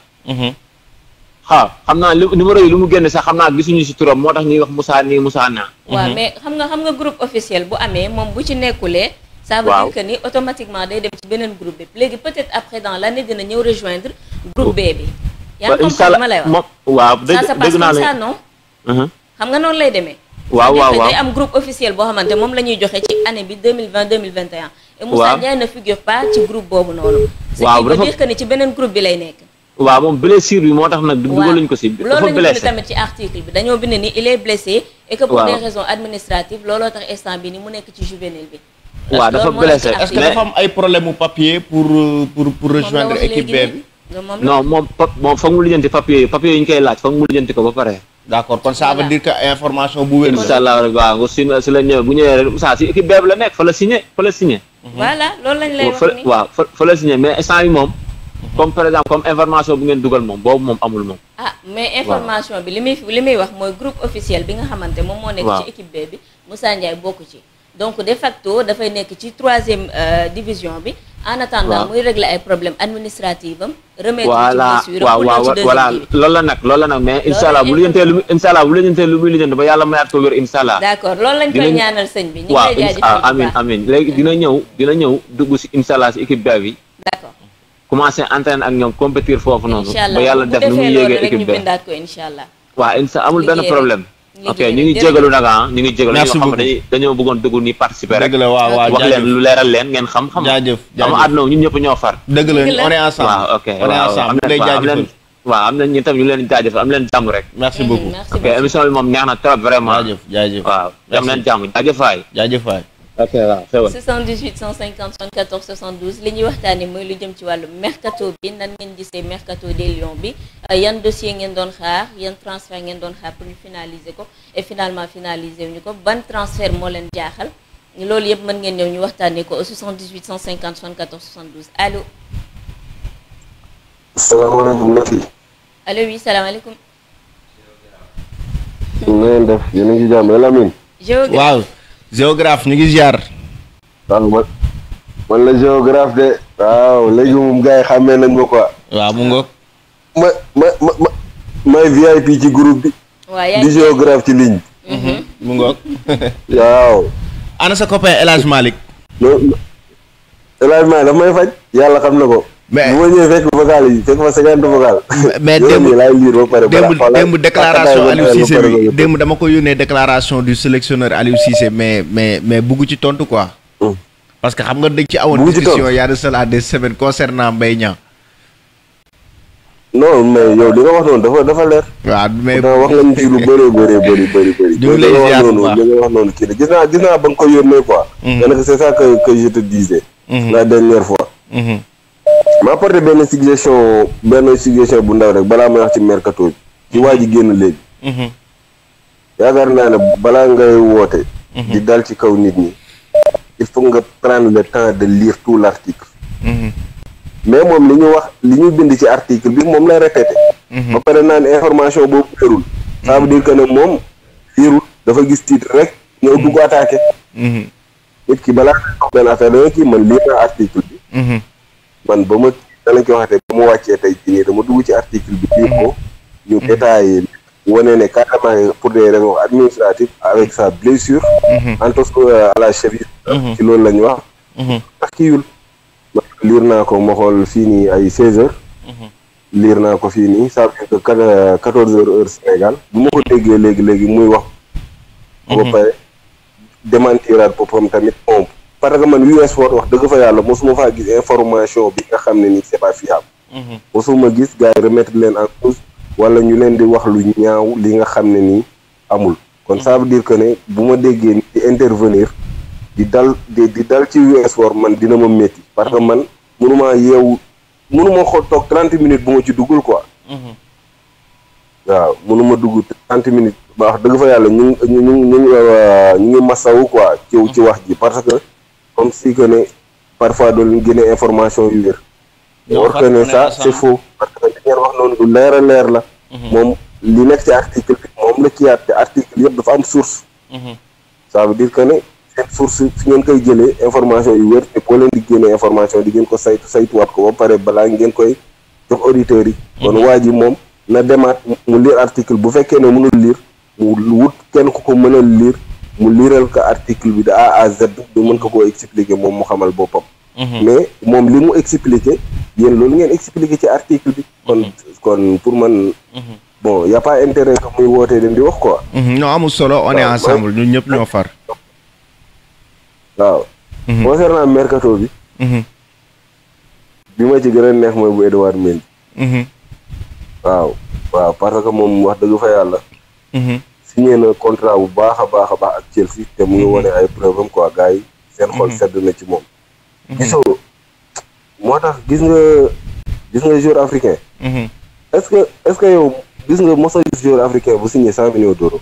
waaw xam naa numéro yi lu mu génn sax xam naa gisuñu si turam moo tax ñuy wax Moussa nii Moussa naa. waaw mais xam nga xam nga groupe officiel bu amee moom bu ci nekkulee. ça veut dire que ni automatiquement day dem ci benen groupe bi légui peut-être après dans l'année dina ñeu rejoindre groupe B bi yaa ngi comprendre ma lay wax waaw ça se passe ça non hmm xam nga non lay demee waaw waaw waaw day am groupe officiel bo xamanté mom lañuy joxé ci année bi 2020 2021 et Moussa Ndiaye ne figure pas ci groupe bobu noonu ce qui veut dire que ni ci benen groupe bi lay nekk waaw mom blessure bi motax nak nag dugaluñ ko ci dafa blessé tamit ci article bi dañoo bindé ni il est blessé et que pour des raisons administratives lolo tax instant bi ni mu nekk ci juvénile bi Ouais, dafa blessé est-ce que dafa am ay problème mu papier pour pour pour rejoindre équipe B non mon mon foog mu lijjanti papier papier yi ñu koy laaj foog mu lijjanti ko ba paré. d'accord kon ça veut dire que information bu wér Inshallah allah waaw si si la ñëw bu ñëwee rek si équipe B la nek fa la signer, fa la signer. Mhm. voilà loolu lañ lay wax nii waaw fa la signer mais instant yi mom mhm. comme par exemple comme information bu ngeen dugal mom bobu mom amul mom ah mais information bi li muy wax moy groupe officiel bi nga xamanté mom mo nek ci équipe B Moussa Ndiaye bokku ci donc de facto dafay nekk ci troisième euh, division bi. en attendant muy régler ay problèmes administratifs am. remettre voilà waaw waaw voilà loolu la nag lool la nag mais incha allah bu lijjantee lu incha allah bu lijjantee lu muy ba yàlla mayaat ko wér incha allah. d'accord loolu lañ koy ñaanal sëñ bi. ñu ngi lay jaajëfal amin amin léegi dina ñëw dina ñëw dugg si incha allah si équipe B bi. d'accord commencé entraîner ak ñoom compétir foofu noonu. incha allah ba yàlla def nu muy yéegee équipe B. waaw incha amul benn problème. ok ñu ngi jégalu nag ah ñu ngi jégalu ñoo xam ne dañoo bëggoon dugg ni participer rek dëgg la waaw waaw wax leen lu leeral leen ngeen xam xam jaajëf xam àdduna ñu ñëpp ñoo far dëgg la on est ensemble waaw ok on est waaw am na ñu tam ñu leen jaajëfal am leen jàmm rek merci beaucoup ok émission bi moom neex na trop vraiment jaajëf jaajëf waaw am leen jàmm jaajëf waay jaajëf waay ok waaw xewoon 78 150 74 72 li ñuy waxtaanee mooy lu jëm ci wàllu mercato bi nan ngeen gisee mercato des Lions bi euh, yan dossier ngeen don xaar yan transfert ngeen don xaar pour finaliser ko et finalement finaliser wu bon transfert moo leen jaaxal loolu yëpp mën ngeen ñëw ñu waxtaanee ko 78 150 74 72 allô salam la fi. allo oui salaamaaleykum. na ngeen def ngi ci jàmm Lamine. géographe ñu ngi ziar. waaw man man la géographe de. waaw léegi moom gars nañ ma quoi. waaw mu ngoog. may VIP ci group bi. waaw di géographe ci ligne bi. Mhm, mu ngoog. waaw. ana sa copain El Hadj Malick. El Hadj Malick may faj yàlla xam na ko. mais bu ma ñëwee fekk vocal yi fekk ma cinquante vocal. mais démb démb démb déclaration Aliou Cissé bi démb dama ko yónnee déclaration du sélectionneur Aliou Cissé mm. mais mais mais bugg ci tontu quoi. Mm. parce que xam nga dañ ci awoon. discussion y a de cela des semaines concernant Mbaye Niang. non mais yow li nga wax noonu dafa dafa leer. waaw mais wax nañu ci lu bëree bëree wax noonu kii gis ba nga ko yónnee quoi. Mm-hmm. nga ne c'est ça que que je te mm-hmm. la dernière fois. Mm-hmm. ma apporter ben suggestion ben suggestion bu ndaw rek bala may wax ci mercato ci waa ji génn léegi yaakaar na ne bala ngay woote di dal ci kaw nit ñi il faut nga prendre le temps de lire tout l'article hmm mais mom liñu wax liñu bind ci article bi mom lay répéter ba paré nan information bo wérul ça veut dire que ne moom liirul dafa gis titre rek ñëw dugg attaquer hmm nit ki bala ngay wax affaire rek ki man lire article bi hmm man ba ma danañ ko waxatee ba mu wàccee tey jii dama dugg ci article bi lii ko mhm. ñu mhm. détaillé wane ne carrément pour des raisons administratives avec sa mhm. loolu la wax ndax kiyul naa ko ma xool fii nii ay seize liir naa ko fii nii ça fait que Sénégal bu ma ko déggee léegi-léegi muy wax ba pare tamit pompe parce que man US Sport wax dëgg fa yàlla mosuma faa gis information bi nga xam ne ni c'est pas fiable. Mhm. mosuma gis gars yi remettre leen en cause wala ñu leen di wax lu ñaaw li nga xam ne nii amul. kon ça veut dire que ne bu ma déggee ni di intervenir di dal di dal ci US Sport man dina ma métti. parce que man mënuma yeewu mënuma xoo toog trente minutes bu ma ci duggul quoi. Mhm. waaw mënuma dugg trente minutes. ba wax dëgg fa yàlla ñu ngi ñu ngi ñu ngi euh, ñu ngi masawu quoi. ci ci mhm. wax ji parce que. comme si que ne parfois doon génne information yu wér. alors que ne lu leer leer la. Mhm. moom li nekk ci article bi moom la kiyaat te article yëpp dafa am source. sa mhm. veut dire que ne source fi ngeen koy jëlee information yu wér te boo di génne information di ngeen ko saytu saytuwaat ko ba pare balaa ngeen koy jox auditeurs yi. kon mhm. waa ji moom na demaat mu lire article bu fekkee ne mënul lire mu wut kenn ku ko mënal liir mu liiral ko article bi de A à du mën ko koo expliquer moom mu xamal boppam. Mhm. mais moom li mu expliquer yéen loolu ngeen expliquer ci article bi. kon mhm. pour man. Mhm. bon y' a pas intérêt muy wootee dem di wax quoi. non amul solo on est ensemble ñun ñëpp ñoo far. waaw. concernant mercato bi. bi ma ci gën a neex mooy bu Edouard Mendy. waaw waaw parce que moom wax dëgg fa yàlla. signé na contrat bu baax a baax a baax ak Chelsea te mu ngi mhm. wane ay preuve am quoi gars seen xol mhm. sedd na ci moom mhm. gisoo moo tax gis nga gis nga joueur africain est-ce que est-ce que yow gis nga mos a gis joueur africain bu signé cent millions d'euros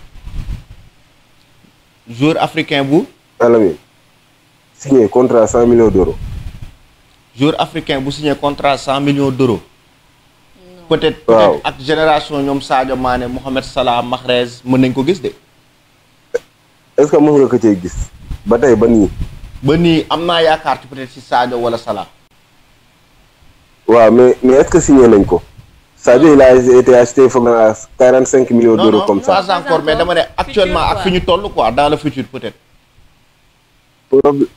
joueur africain bu alami signé contrat cent millions d'euros joueur africain bu signé contrat cent millions d'euros peut-être peut ak génération ñoom Sadio Mané Mohamed Salah Mahrez mën nañ ko gis de. que mën nga ko cee gis ba tey ba nii. ba nii am naa yaakaar ci peut si Sadio wala Salah. waaw mais mais est nañ ko. Sadio il a été acheté foog naa quarante encore mais dama ne actuellement ak fi ñu toll quoi dans le futur peut-être.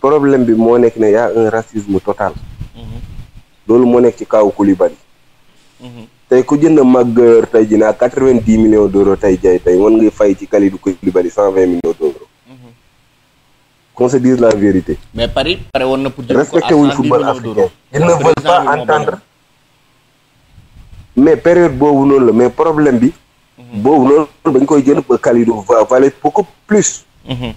problème bi moo nekk ne y a un racisme total. Mhm. loolu moo nekk ci kaw Koulibaly. Mhm. tey ku jënd Maguire tey jii naa quatre vingt dix millions d'euros tey jaay tey mën nga fay ci Kalidou Koulibaly cent vingt millions d'euros. Mhm. qu'on se la vérité. mais woon na pour. respecté wuñ football africain ils ne veulent période boobu noonu la mais problème bi. Mhm. boobu noonu dañ koy jënd ba Kalidou va valer plus. Mhm.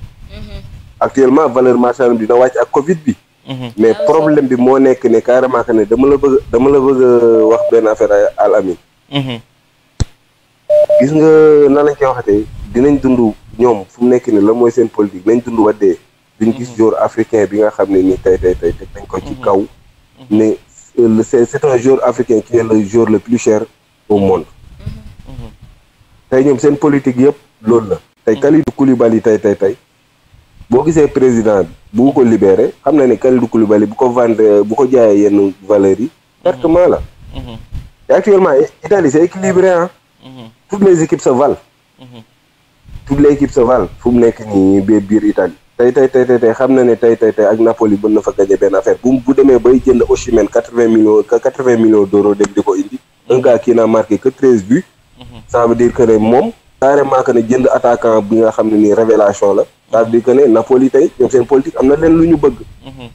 actuellement valeur marchande dina wàcc ak Covid bi. Mhm. mais ah, problème bi moo nekk ni carrément ne dama la bëgg dama la bëgg euh, wax benn affaire al amin mhm. gis nga na lañ koy waxatee dinañ dundu ñoom fu mu nekk ni la mooy seen politique nañ dund waddee duñ gis mhm. joueur africain bi nga xam ne ni tay tey tey teg nañ ko ci kaw ne euh, c'est un africain ki est le joueur le plus cher au monde tey ñoom seen politique yëpp loolu la tey Kalidou Koulibaly tey tey tey boo gisee président bu ko libéré xam na ne Kalidou Koulibaly bu ko vendre bu ko jaayee yenn valeurs yi. pertement la. Mm-hmm. te actuellement Italie c'est équilibré ah. toutes les équipes se valent. Mm-hmm. toutes les équipes se valent fu mu nekk nii biir biir Italie. tey tey tey tey xam na ne tey tey tey ak Napoli mën na fa gagné benn affaire bu bu demee bay jënd Osimhen quatre vingt millions quatre vingt millions d'euros dem di ko indi. un gars n'a marqué que treize buts. ça veut dire que ne moom. carrément que ne nga xam ne nii révélation la. ça veut dire que ne Napoli tey ñoom seen politique am na leen lu ñu bëgg. Mhm.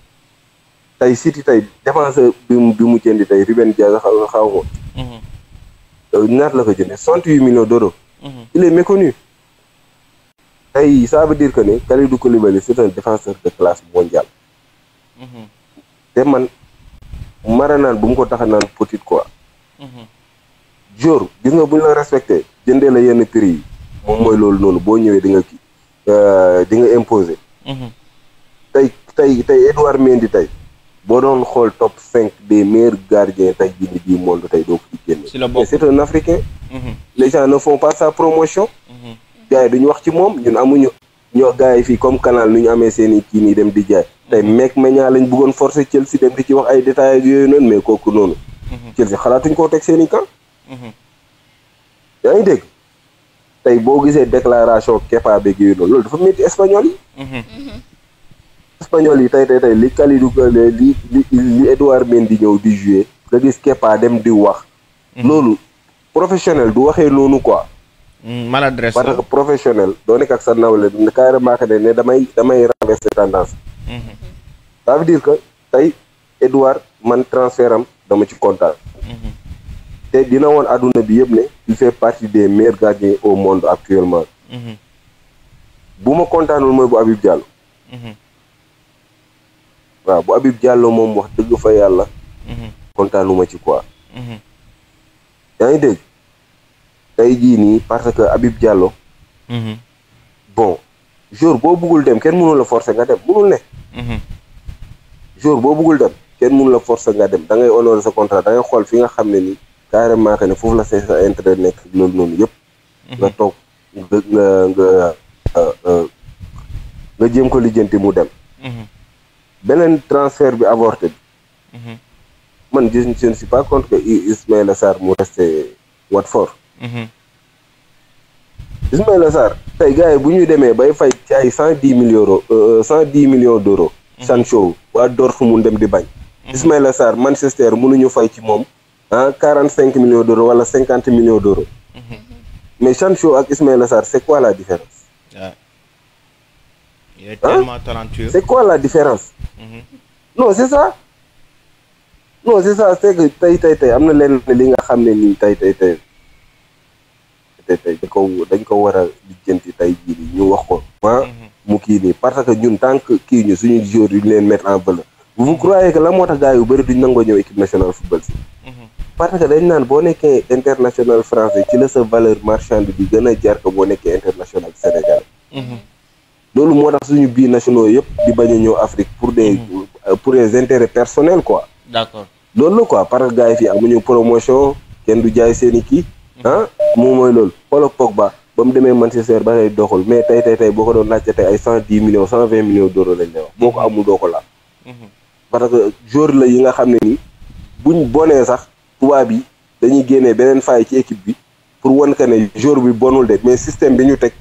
tey City tey défenseur bi mu bi mu jëndi tey Ruben Dias xaw xaw ko. Mhm. Euh, ñaata la ko jëndee soixante huit millions d'euros. Mhm. il est méconnu. tey ça dire que ne Kalidou Koulibaly c'est un défenseur de classe mondiale. te man mara naan bu mu ko tax a naan petit quoi. jour gis nga bu ñu la respecté jëndee la yenn prix yi moom mooy loolu noonu boo ñëwee di nga kii. Euh, di nga imposer. Mhm. tey tey tey Edouard Mendy tey boo doon xool top cinq des meilleurs gardiens tey jii nii du monde tey doo ko ci génne. si la bokk c'est un Africain. Mhm. les gens ne font pas sa promotion. Mhm. gars duñu wax ci moom ñun amuñu. ñoo gars yi fii comme canal nu ñu amee seen i kii nii dem di jaay. tey meek meññaa lañ bëggoon forcer Chelsea dem di ci wax ay détails yooyu noonu mais kooku noonu. Chelsea xalaatuñ koo teg seeni i camp. yaa ngi dégg. tey boo gisee déclaration Kepa beeg yooyu noonu loolu dafa métti espagnol yi. Mhm. Mhm. espagnol yi tey tey tey li Kalidou li li Edouard Mendy ñëw di jouer nga gis Kepa dem di wax. Mhm. loolu professionnel du waxee noonu quoi. Mm, maladresse parce que professionnel doo nekk ak sa nawle carrément que ne damay damay renverser tendance. ça veut dire que tey Edouard man transfert am dama ci kontaan. te dina won aduna bi yëpp ne il fait partie des meilleurs gardiens au monde actuellement -hmm. buma kontaanul moy bu Habib Diallo -hmm. wa bu Habib Diallo mom wax deug fa yalla yàlla mhm. kontaanuma ci quoi -hmm. yaay deug tay ji ni parce que Habib Diallo -hmm. bon jour bo bugul dem ken mënul la forcer nga dem mënul ne mhm. jour bo bugul dem ken mënul la forcer nga dem da ngay honorer sa contrat da ngay xol fi nga xam ni carrément que ne foofu la see sa intérêt nekk loolu noonu yëpp. Mhm. nga toog nga nga euh, euh, nga jéem ko lijjanti mu dem. Mhm. beneen transfert bi avorté bi. Mhm. man je ne suis pas contre que Ismaïla Sarr mu resté Watford. Ismaïla Sarr tey gars yi bu ñu demee bay fay ci ay cent dix millions euros euh, cent dix millions d' euros. Sancho waa Dortmund mu dem di bañ. Ismaïla Sarr Manchester ñu fay ci moom. ah quarante cinq millions d'euros wala cinquante millions d'euros mais Sancho ak Ismaïla Sarr c'est quoi la différence. waaw il est tellement talentueux. c'est quoi la différence. Mm-hmm. non c'est ça non c'est ça c'est que tey tey tey am na leen li nga xam ne nii tey tey tey tey tey dañ ko dañ ko war a lijjanti tey jii nii ñu wax ko. Mm-hmm. mu kii nii parce que ñun tant que kii ñu suñu joueurs yu ñu leen mettre en valeur. vous croyez que la moo tax gars yu bëri duñ nangoo ñëw équipe nationale football si. Mm-hmm. parce que dañ naan boo nekkee international français ci la sa valeur marchande bi gën a jar boo nekkee international Sénégal. Mhm. loolu moo tax suñu biir nationaux yëpp di bañ a ñëw Afrique pour des mhm. pour des intérêts personnels quoi. d'accord loolu la quoi parce que gars yi fii amuñu promotion kenn du jaay seen i kii. Mhm. ah moom mooy loolu xoolal Pogba ba mu demee Manchester ba tey doxul mais tey tey tey boo ko doon laajte tey ay cent dix millions cent vingt millions d'euros lañ lay wax ko amul doo que jour la yi nga xam ne ni buñ bonee sax. tubaab yi dañuy génnee beneen faay ci équipe bi pour wan que ne joueur bi bonul de mais système bi ñu teg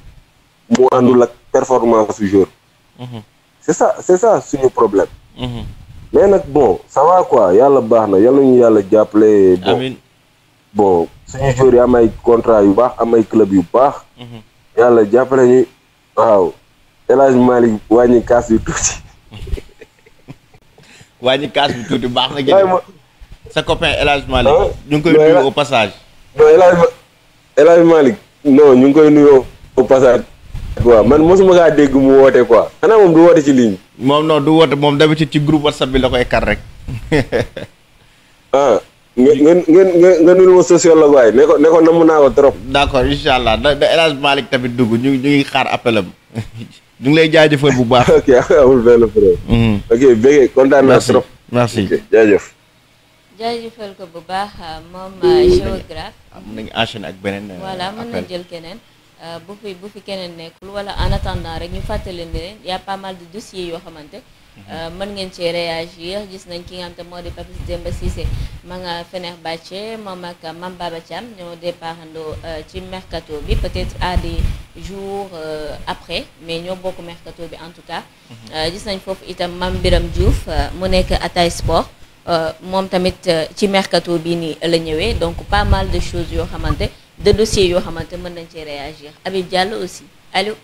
mu àndul ak performance su joueur bi mhm. c'est ça c'est ça suñu problème mhm. mais nag bon ça va quoi yàlla baax na yàlla ñu yàlla jàppale bon bon suñu joueur yi am ay contrat yu baax am ay club yu baax mhm. yàlla jàppale ñu waaw élage Malick wàññi yu tuuti wàññi kaas bi tuuti baax na sa copain malik, Malik ñu koy nuyu au passage. non Elaj Hadj malik, non ñu koy nuyu au passage. quoi man mosuma ga dégg mu woote quoi. ana mom du woote ci ligne. mom non du woote mom d'habitude ci groupe whatsapp bi la koy kar rek. ah nga ko trop. d'accord da tamit dugg ñu ñu xaar ñu lay bu baax. ok amul problème. Mm-hmm. ok trop. merci jaajëfal ko bu baax ah, moom géographe ah, euh, mën nañu enchaîner ak beneen voilà mën na jël keneen ah, bu fi bu fi keneen nekkul wala en attendant rek ñu fàttali ne y a pas mal de dossiers yoo xamante mhm. mën ngeen ci réagir gis nañ ki nga xam te moo di Papis Demba Cissé ma nga Fenerbahçe moom ak mam Baba Thiam ñoo départandoo euh, ci mercato bi peut-être à des jours euh, après mais ñoo bokk mercato bi en tout cas mhm. gis nañ foofu itam mam Biram Diouf mu nekk Atay Sport euh, mom tamit euh, ci mercato bi ni la donc pas mal de choses de dossiers yo xamanté nañ ci réagir Avec Diallo aussi allô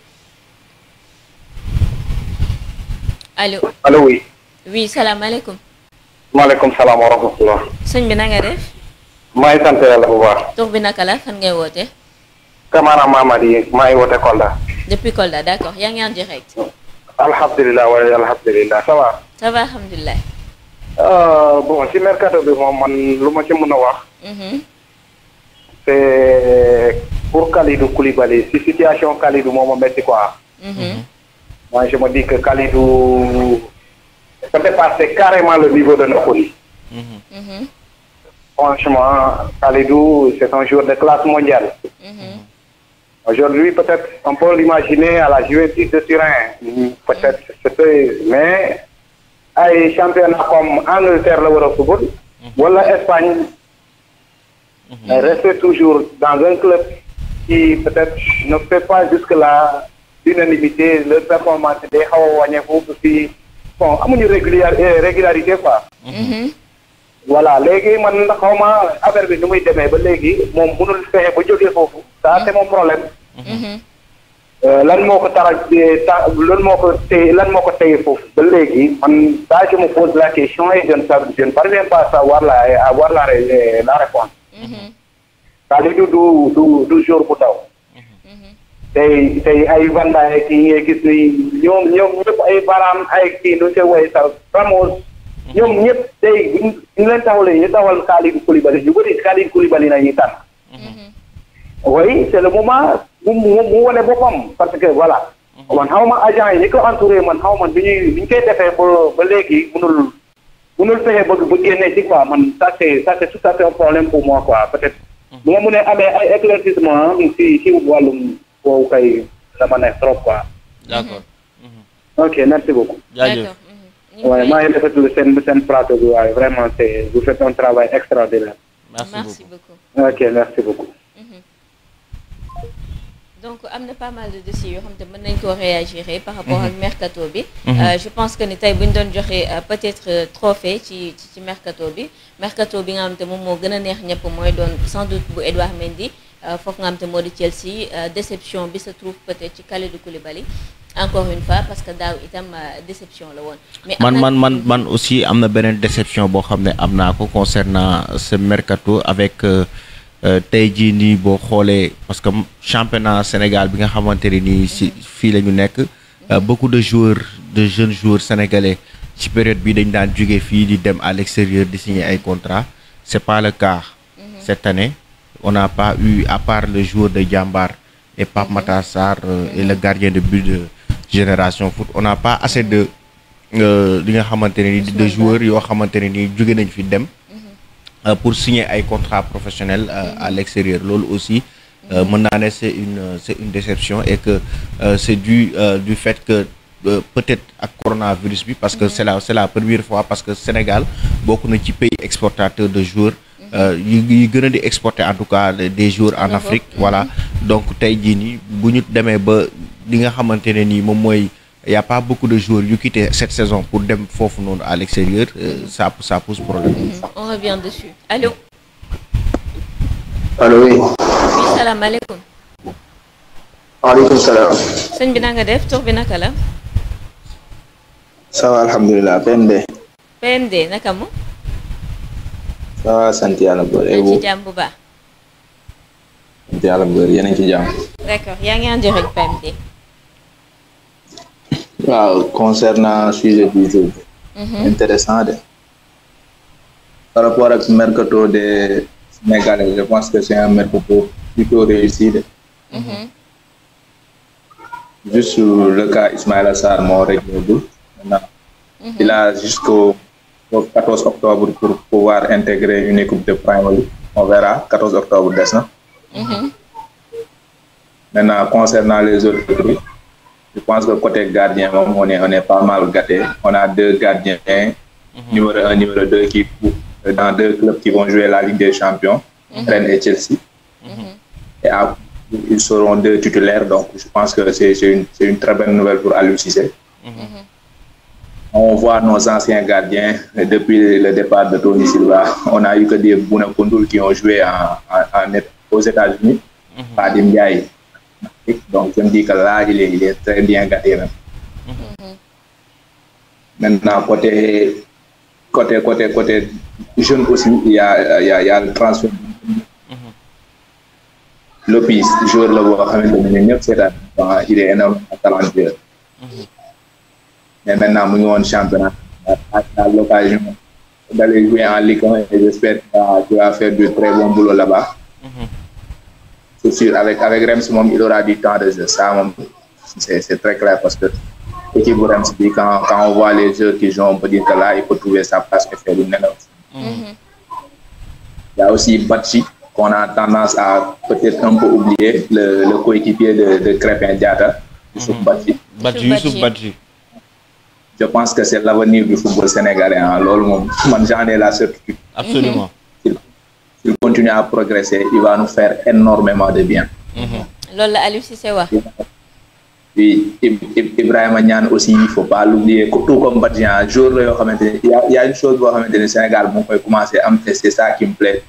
allô allô oui. oui salam wa alaykoum salam wa alaikum sëñ bi na nga def. alaikum santé yalla bu baax. bi naka la ngay woté Kamara Mamadi maa woté Kolda. depuis Kolda d'accord. ya ngi en direct. alhamdulilah wa ça va. ça va euh, bon si mercato bi moom man mhm. c'est pour Kalidou Koulibaly si situation Kalidou quoi. Mhm. moi je me dis que Kalidou ça passer carrément le niveau de Napoli. Mhm. franchement Kalidou c'est un joueur de classe mondiale. Aujourd'hui, peut-être, on peut l'imaginer à la Juventus de Turin. Peut-être, mais ay championnat comme Angleterre la war le football mhm. wala Espagne mhm. rester toujours dans un club qui peut-être ne fait pas jusque-là l'unanimité le performance des xaw a wàññeeku aussi bon amuñu régulier euh, régularité quoi mhm. voilà légui man maintenant, ma affaire bi nu démé ba légui mom mënul fexé ba jógee fofu ça c'est mon problème Euh, lan moo ko taral ta lan moo ko lan moo ko téye foofu ba léegi man ça je me pose la question et je ne sais je ne parviens pas à la à avoir la la réponse. Mm-hmm. c'est-à-dire du du jour bu taw. Mm-hmm. tey tey ay vandaay kii ngay gis ni ñoom ñoom ñëpp ay baram ay kii nu ñu koy woowee sax Ramos. ñoom ñëpp tey bu ñu bu ñu leen taxawalee ñu taxawal Kalidou Koulibaly ñu bëri Kalidou Koulibaly nañuy tànn. Mm-hmm. oui c'est le moment. mu mu wane boppam parce que voilà. Mhm. man xaw ma agent yi ñi ko entouré man xaw ma ni ñuy ni ñu koy defee ba ba léegi mënul mënul fexe ba ba génnee ci quoi man ça c'est ça c'est tout à fait un problème pour moi quoi peut-être. Mhm. bu ma mënee amee ay éclaircissement ci ah, ci wàllum woowu kay dama ne trop quoi. d'accord. Mhm. ok merci beaucoup. jaajëf waaye maa ngi rafetlu seen seen plateau bi waaye vraiment c'est vous faites un travail extraordinaire. merci beaucoup ok merci beaucoup. donc am pas mal de dossiers on a te mën nañ réagir par rapport mhm. au mercato bi mhm. euh, je pense que ni avons bu ñu euh, peut-être euh, trophée ci ci mercato bi mercato bi nga xam te moom pour moi, sans doute pour Edouard Mendy Il faut que Chelsea déception bi se trouve peut-être ci Kalidou Koulibaly encore une fois parce que daaw itam déception la mais man man man man aussi am na une déception concernant ce mercato avec euh, tey jii parce que championnat Sénégal bi nga si euh, beaucoup de joueurs de jeunes joueurs sénégalais ci période bi dañ daan di dem à l'extérieur di signer un contrat c'est pas le cas mhm. cette année on n'a pas eu à part le joueur de Jambar et Pape mhm. Matassar, euh, mhm. et le gardien de but de Génération Foot on n'a pas assez de de joueurs qui ont ni nii de nañ fi dem euh, pour signer un contrat professionnel euh, à l'extérieur lol aussi euh, mon année c'est une une déception et que c'est dû du fait que peut-être à coronavirus parce que c'est la c'est la première fois parce que Sénégal beaucoup de pays exportateurs de jours, ils ont exporté en tout cas des jours en Afrique voilà mm-hmm. donc ont dit, ils ont dit, ils ba dit, nga ont dit, ils ont il n'y a pas beaucoup de joueurs qui quittent cette saison pour dem à l'extérieur, euh, ça, pose problème. Mhm. On revient dessus. Allô Allô, oui. Oui, salam alaikum. Alaykoum salam. Sen Salam. tour Salam. salam Ça va, alhamdulillah, PND. PMD, nakamu? Ça va, santi Salam. Salam. Et vous? Jam Santi Salam. D'accord, ya Salam. en direct PND. Concernant concernant sujet du jour mhm. intéressant de par rapport ce mercato des Sénégal, je pense que c'est un mercato plutôt réussi de mhm. juste le cas Ismaël Assar, mon mhm. il a jusqu'au 14 octobre pour pouvoir intégrer une équipe de Premier on verra 14 octobre des maintenant concernant les autres pays, je pense que côté gardien, on est, on est pas mal gâté. On a deux gardiens, mhm. numéro 1, numéro 2, qui, dans deux clubs qui vont jouer la Ligue des Champions, mhm. Rennes et Chelsea. Mhm. Et ils seront deux titulaires, donc je pense que c'est une, très bonne nouvelle pour Alou on voit nos anciens gardiens depuis le départ de Tony Silva. On a eu que des Bouna qui ont joué aux États-Unis, pas des donc, je me dis que là, il est, très bien gâté. Mhm. Maintenant, côté, côté, côté, côté jeune aussi, il y a, il y a, il le transfert. Mm -hmm. Lopis, joueur le voir, c'est il est énorme talentueux. Mm Mais maintenant, nous avons un championnat. À l'occasion d'aller jouer en Ligue 1 et j'espère que tu vas faire du très bon boulot là-bas avec, avec il aura du temps de jeu. Ça, c'est très clair parce que l'équipe de quand, quand on voit les jeux qui jouent, on peut dire que là, il peut trouver sa place et faire une énorme. Mm-hmm. Il y a aussi Bachi, qu'on a tendance à peut-être un peu oublier, le, coéquipier de, de Crépin Diata, Youssouf mm-hmm. Bachi. Je pense que c'est l'avenir du football sénégalais. Hein. Lol, j'en ai la certitude. Absolument il continue à progresser, il va nous faire énormément de bien. Mm-hmm. Lola Alif quoi Oui, Ibrahim Agnan aussi, il ne faut pas l'oublier. Tout comme Badjian, hein, jour il y a une chose que le Sénégal a commencer à me c'est ça qui me plaît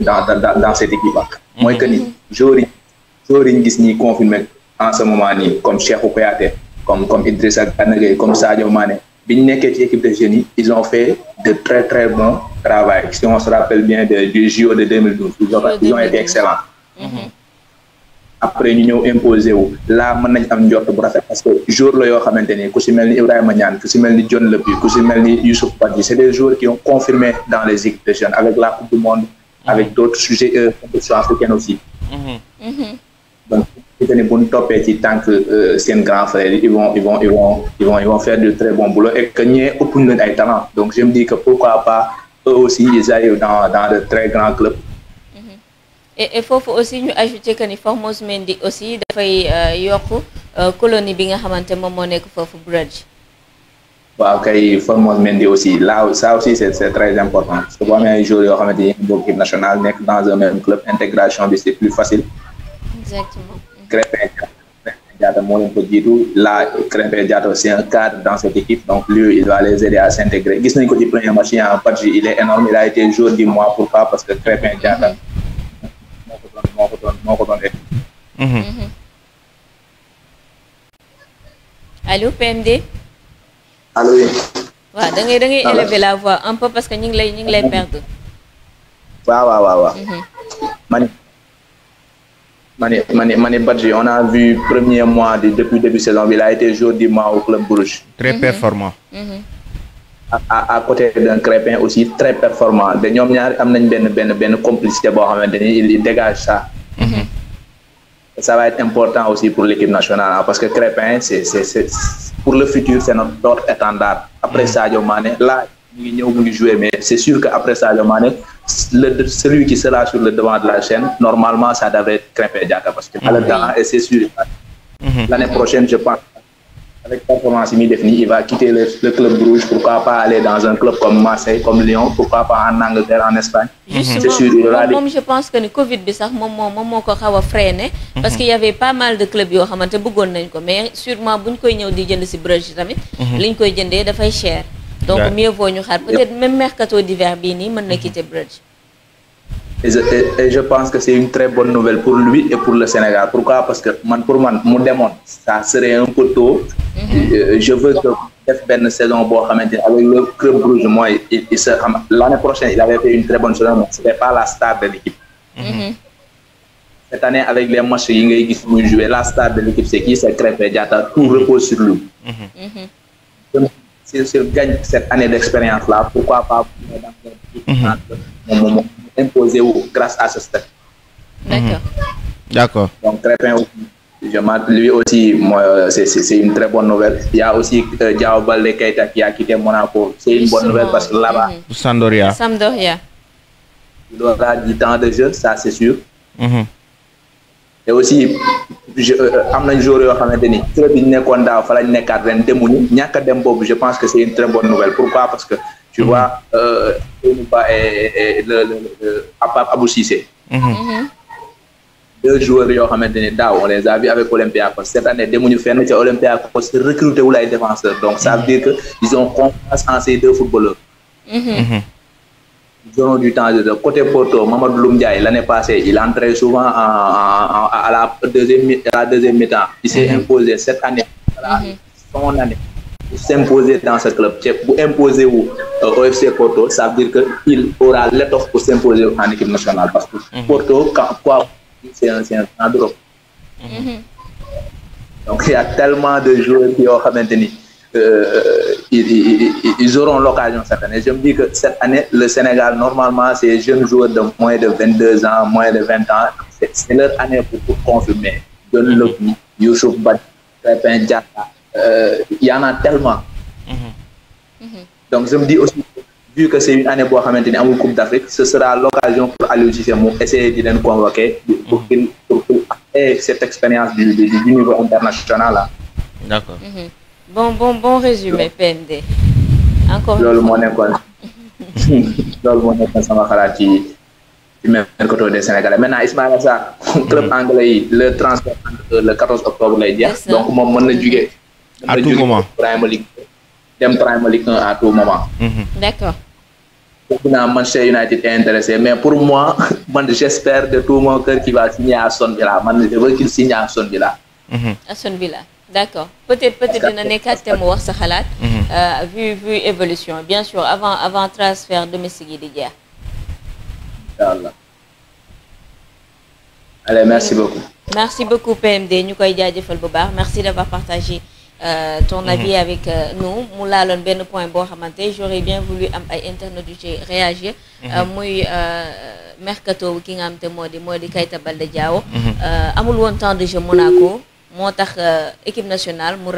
dans, dans, dans, dans cette équipe-là. Mm-hmm. Moi, que jour il est confirmé en ce moment, comme Cheikh Okoyate, comme, comme Idrissa Ganagay, comme Sadio Mane bi ñu équipe de génie ils ont fait de très très bon travail si on se rappelle bien du JO de 2012 ils ont été excellents mhm. après ñu ñëw imposé là laa mën nañ am njort bu parce que jour la yoo xamante ni ku si mel ni Niane ku si John Lepi ku si mel Youssouf Badi, c'est des joueurs qui ont confirmé dans les équipes de jeunes avec la coupe du monde avec mhm. d'autres sujets euh, compétitions africaines aussi mhm que top et ñu toppee ci c'est un grand frère ils vont ils vont ils vont ils vont ils vont faire de très bons boulot et que au ëppuñu leen talent donc je me dis que pourquoi pas eux aussi ils arrivent dans dans de très grands clubs. Mm-hmm. et faut aussi nous ajouter que ni Formose Mendy aussi dafay euh, yoko euh, colonie bi nga xamante moom bridge nekk ok, formos kay Mendy aussi là ça aussi c'est très important c'est que boo jouer au joueurs yoo équipe nationale dans un même club intégration c'est plus facile. exactement. Crépin Diatta moo leen ko jiitu là Crépin Diatta C'est un cadre dans cette équipe donc lui il va les aider à s'intégrer gis nañ ko ci premier match en Badji il est énorme il a été jour, du mois pourquoi parce que Crépin Diatta moo ko doon moo mhm. mhm. PMD Allô. oui waaw da ngay élever la voix un peu parce que ñu ngi lay ñu ngi lay perdre mhm. Mané, Mané, Mané Badji, on a vu premier mois depuis début de saison, il a été jour du mois au club Bruges. Très mhm. performant. à, côté d'un Crépin aussi, très performant. De ñom ñaar ben ben ben complicité il dégage ça. Mhm. Ça va être important aussi pour l'équipe nationale hein, parce que Crépin c'est pour le futur c'est notre, notre étendard. Après mm -hmm. Mané, là il ngi a jouer mais c'est sûr que après Mané le, celui qui sera sur le devant de la chaîne, normalement, ça devrait être Crépé déjà parce que mmh. dedans, et c'est sûr. Mhm. L'année prochaine, je pense, avec performance définie, il va quitter le, club rouge. Pourquoi pas aller dans un club comme Marseille, comme Lyon, pourquoi pas en Angleterre, en Espagne mhm. C'est sûr, je pense que le Covid, c'est un freiné mhm. parce qu'il y avait pas mal de clubs qui ont été mais sûrement, si on a dit que c'est un peu cher donc mieux vaut nous faire. peut-être même mercato d'hiver bii mais mën na quitter mm-hmm. Bridge. Et je, pense que c'est une très bonne nouvelle pour lui et pour le Sénégal. Pourquoi Parce que man, pour moi, mon démon, ça serait un peu tôt. Mm-hmm. Euh, je veux que Jeff Ben saison avec le club rouge, moi, l'année prochaine, il avait fait une très bonne saison, mais ce n'était pas la star de l'équipe. Mm-hmm. Cette année, avec les matchs qui sont jouer la star de l'équipe, c'est qui C'est Crépé Diata. Tout repose sur lui. Si je gagne cette année d'expérience-là, pourquoi pas dans mhm. imposer grâce à ce step. D'accord. Mhm. D'accord. Donc, très bien. Je lui aussi, c'est une très bonne nouvelle. Il y a aussi euh, Diao Balde Keita qui a quitté Monaco. C'est une bonne nouvelle parce que là-bas. Sandoria. Sandoria. Il aura du temps de jeu, ça c'est sûr. Mhm et aussi euh, euh, am nañ joueurs yoo xamante ni club yi ñu daaw fa lañ nekkaat ren demuñu ñaka dem boobu je pense que c'est une très bonne nouvelle pourquoi parce que tu mhm. vois euh, Ba et le Abou Cissé mhm. Mhm. deux joueurs yo xamante ni daaw on les a vu avec Olympiakos cette année demuñu fenn ca Olympiakos recruté wul ay défenseur donc ça veut dire que ils ont confiance en ces deux footballeurs donnons du temps. côté Porto, Mamadou Loumdiaye, l'année passée, il entrait souvent à la deuxième, à deuxième mi-temps. Il s'est mhm. imposé cette année, mhm. son année, pour s'imposer dans ce club. Pour imposer où, au FC Porto, ça veut dire qu'il aura l'étoffe pour s'imposer en équipe nationale. Parce que mhm. Porto, c'est un, un Donc il y a tellement de joueurs qui ont maintenu ils, auront l'occasion cette année. Je me dis que cette année, le Sénégal, normalement, ces jeunes joueurs de moins de 22 ans, moins de 20 ans, c'est leur année pour, confirmer. Don Lopi, Youssouf il y en a tellement. Donc, je me dis aussi, vu que c'est une année pour maintenir en Coupe d'Afrique, ce sera l'occasion pour aller au essayer de les convoquer pour qu'ils cette expérience du, niveau international. D'accord bon bon bon résumé PND. encore une fois. nekkoon loolu moo nekkoon sama xalaat ci ci mercato des Sénégalais maintenant Ismaël Sarr. club anglais le transfert le 14 octobre lay donc moom mën na jugé. à tout moment Je dem Premier League à tout moment. d'accord. foofu naa Manchester United est intéressé mais pour moi j'espère de tout mon cœur qu'il va signer à Son Villa je veux qu'il signe à Son Villa. À mhm. Son Villa d'accord peut-être peut-être une année te mois wax sa xalaat. Mhm. Euh, vu vu évolution bien sûr avant avant transfert de Messi di jeex. allez merci euh, beaucoup. merci beaucoup PMD ñu koy jaajëfal bu baax merci d'avoir partagé. Euh, ton mhm. avis mm -hmm. avec euh, nous Moula laaloon benn point boo j'aurais bien voulu am ay internet du ci réagir mhm. euh, muy mercato ki nga xam te moo di moo di Keita Baldé Diao amul woon temps de jeu Monaco moi euh, équipe nationale mu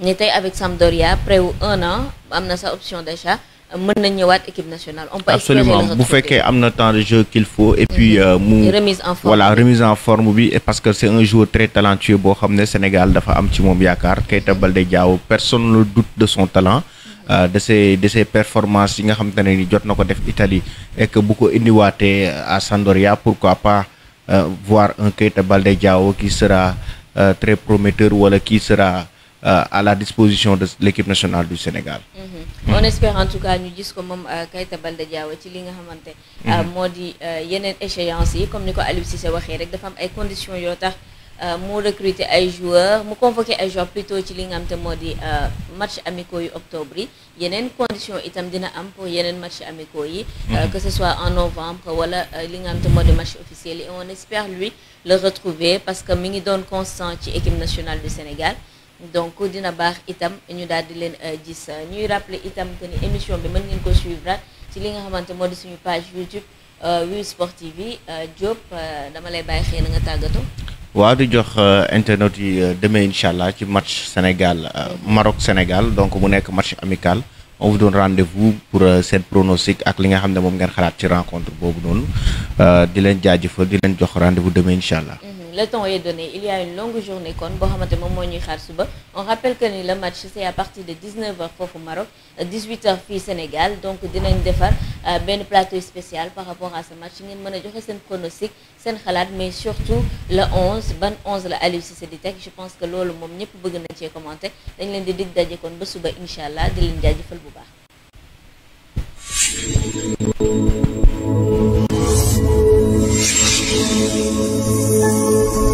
nous avec Sampdoria après un an nous avons sa option d'achat nous avons ñëwaat équipe nationale. on peut absolument que fekkee am temps de jeu qu'il faut. et puis mhm. euh, remise en forme voilà remise en forme oui parce que c'est un joueur très talentueux bon comme le Sénégal dafa am ci moom bien Keita Baldé Diao personne ne doute de son talent. Euh, de ses de ses performances yi nga xam tane ni jot Italie et que beaucoup ko waté à Sampdoria pourquoi pas voir un Keita Baldé Diao qui sera. Euh, très prometteur wala qui sera euh, à la disposition de l'équipe nationale du Sénégal. Mm-hmm. on espère en tout cas ñu gis ko moom euh, Keita Baldé Diawa ci li nga xamante. Mm-hmm. moo di yeneen échéance yi comme nous ko Aliou Cissé waxee rek dafa am ay conditions yoo tax. Euh, mu recruter ay joueurs mo convoqué ay joueurs plutôt ci li nga xam te moo euh, match amicaux yu octobre yi yenen condition itam dina am pour yenen match amicaux yi euh, mhm. que ce soit en novembre wala li nga xam te moo match officiel et on espère lui le retrouver parce que mi ngi doon constant ci équipe nationale du Sénégal donc dina baax itam ñu dal di len gis ñuy rappeler itam que ni émission bi mën ngeen ko suivre ci li nga xamante modi suñu page YouTube Sport TV Diop dama lay bàyyi xé nga tàggatoo waa di jox euh, internet yi euh, demee incha allah ci match Sénégal euh, Maroc Sénégal donc mu nekk match amical on vous donne rendez pour seen pronostic ak li nga xam ne moom ngeen xalaat ci rencontre boobu noonu di leen jaajëfal di leen jox rendez-vous demee incha allah. le temps est donné il y a une longue journée kon on rappelle que le match c'est à partir de 19h au Maroc 18h au Sénégal donc dinañ faire euh, un plateau spécial par rapport à ce match On y a un pronostic un xalaat mais surtout le 11 le 11 la Aliou di je pense que c'est ce vous bëgg nañ commenter dañ leen di dig daje kon ba inshallah incha le di leen Thank you.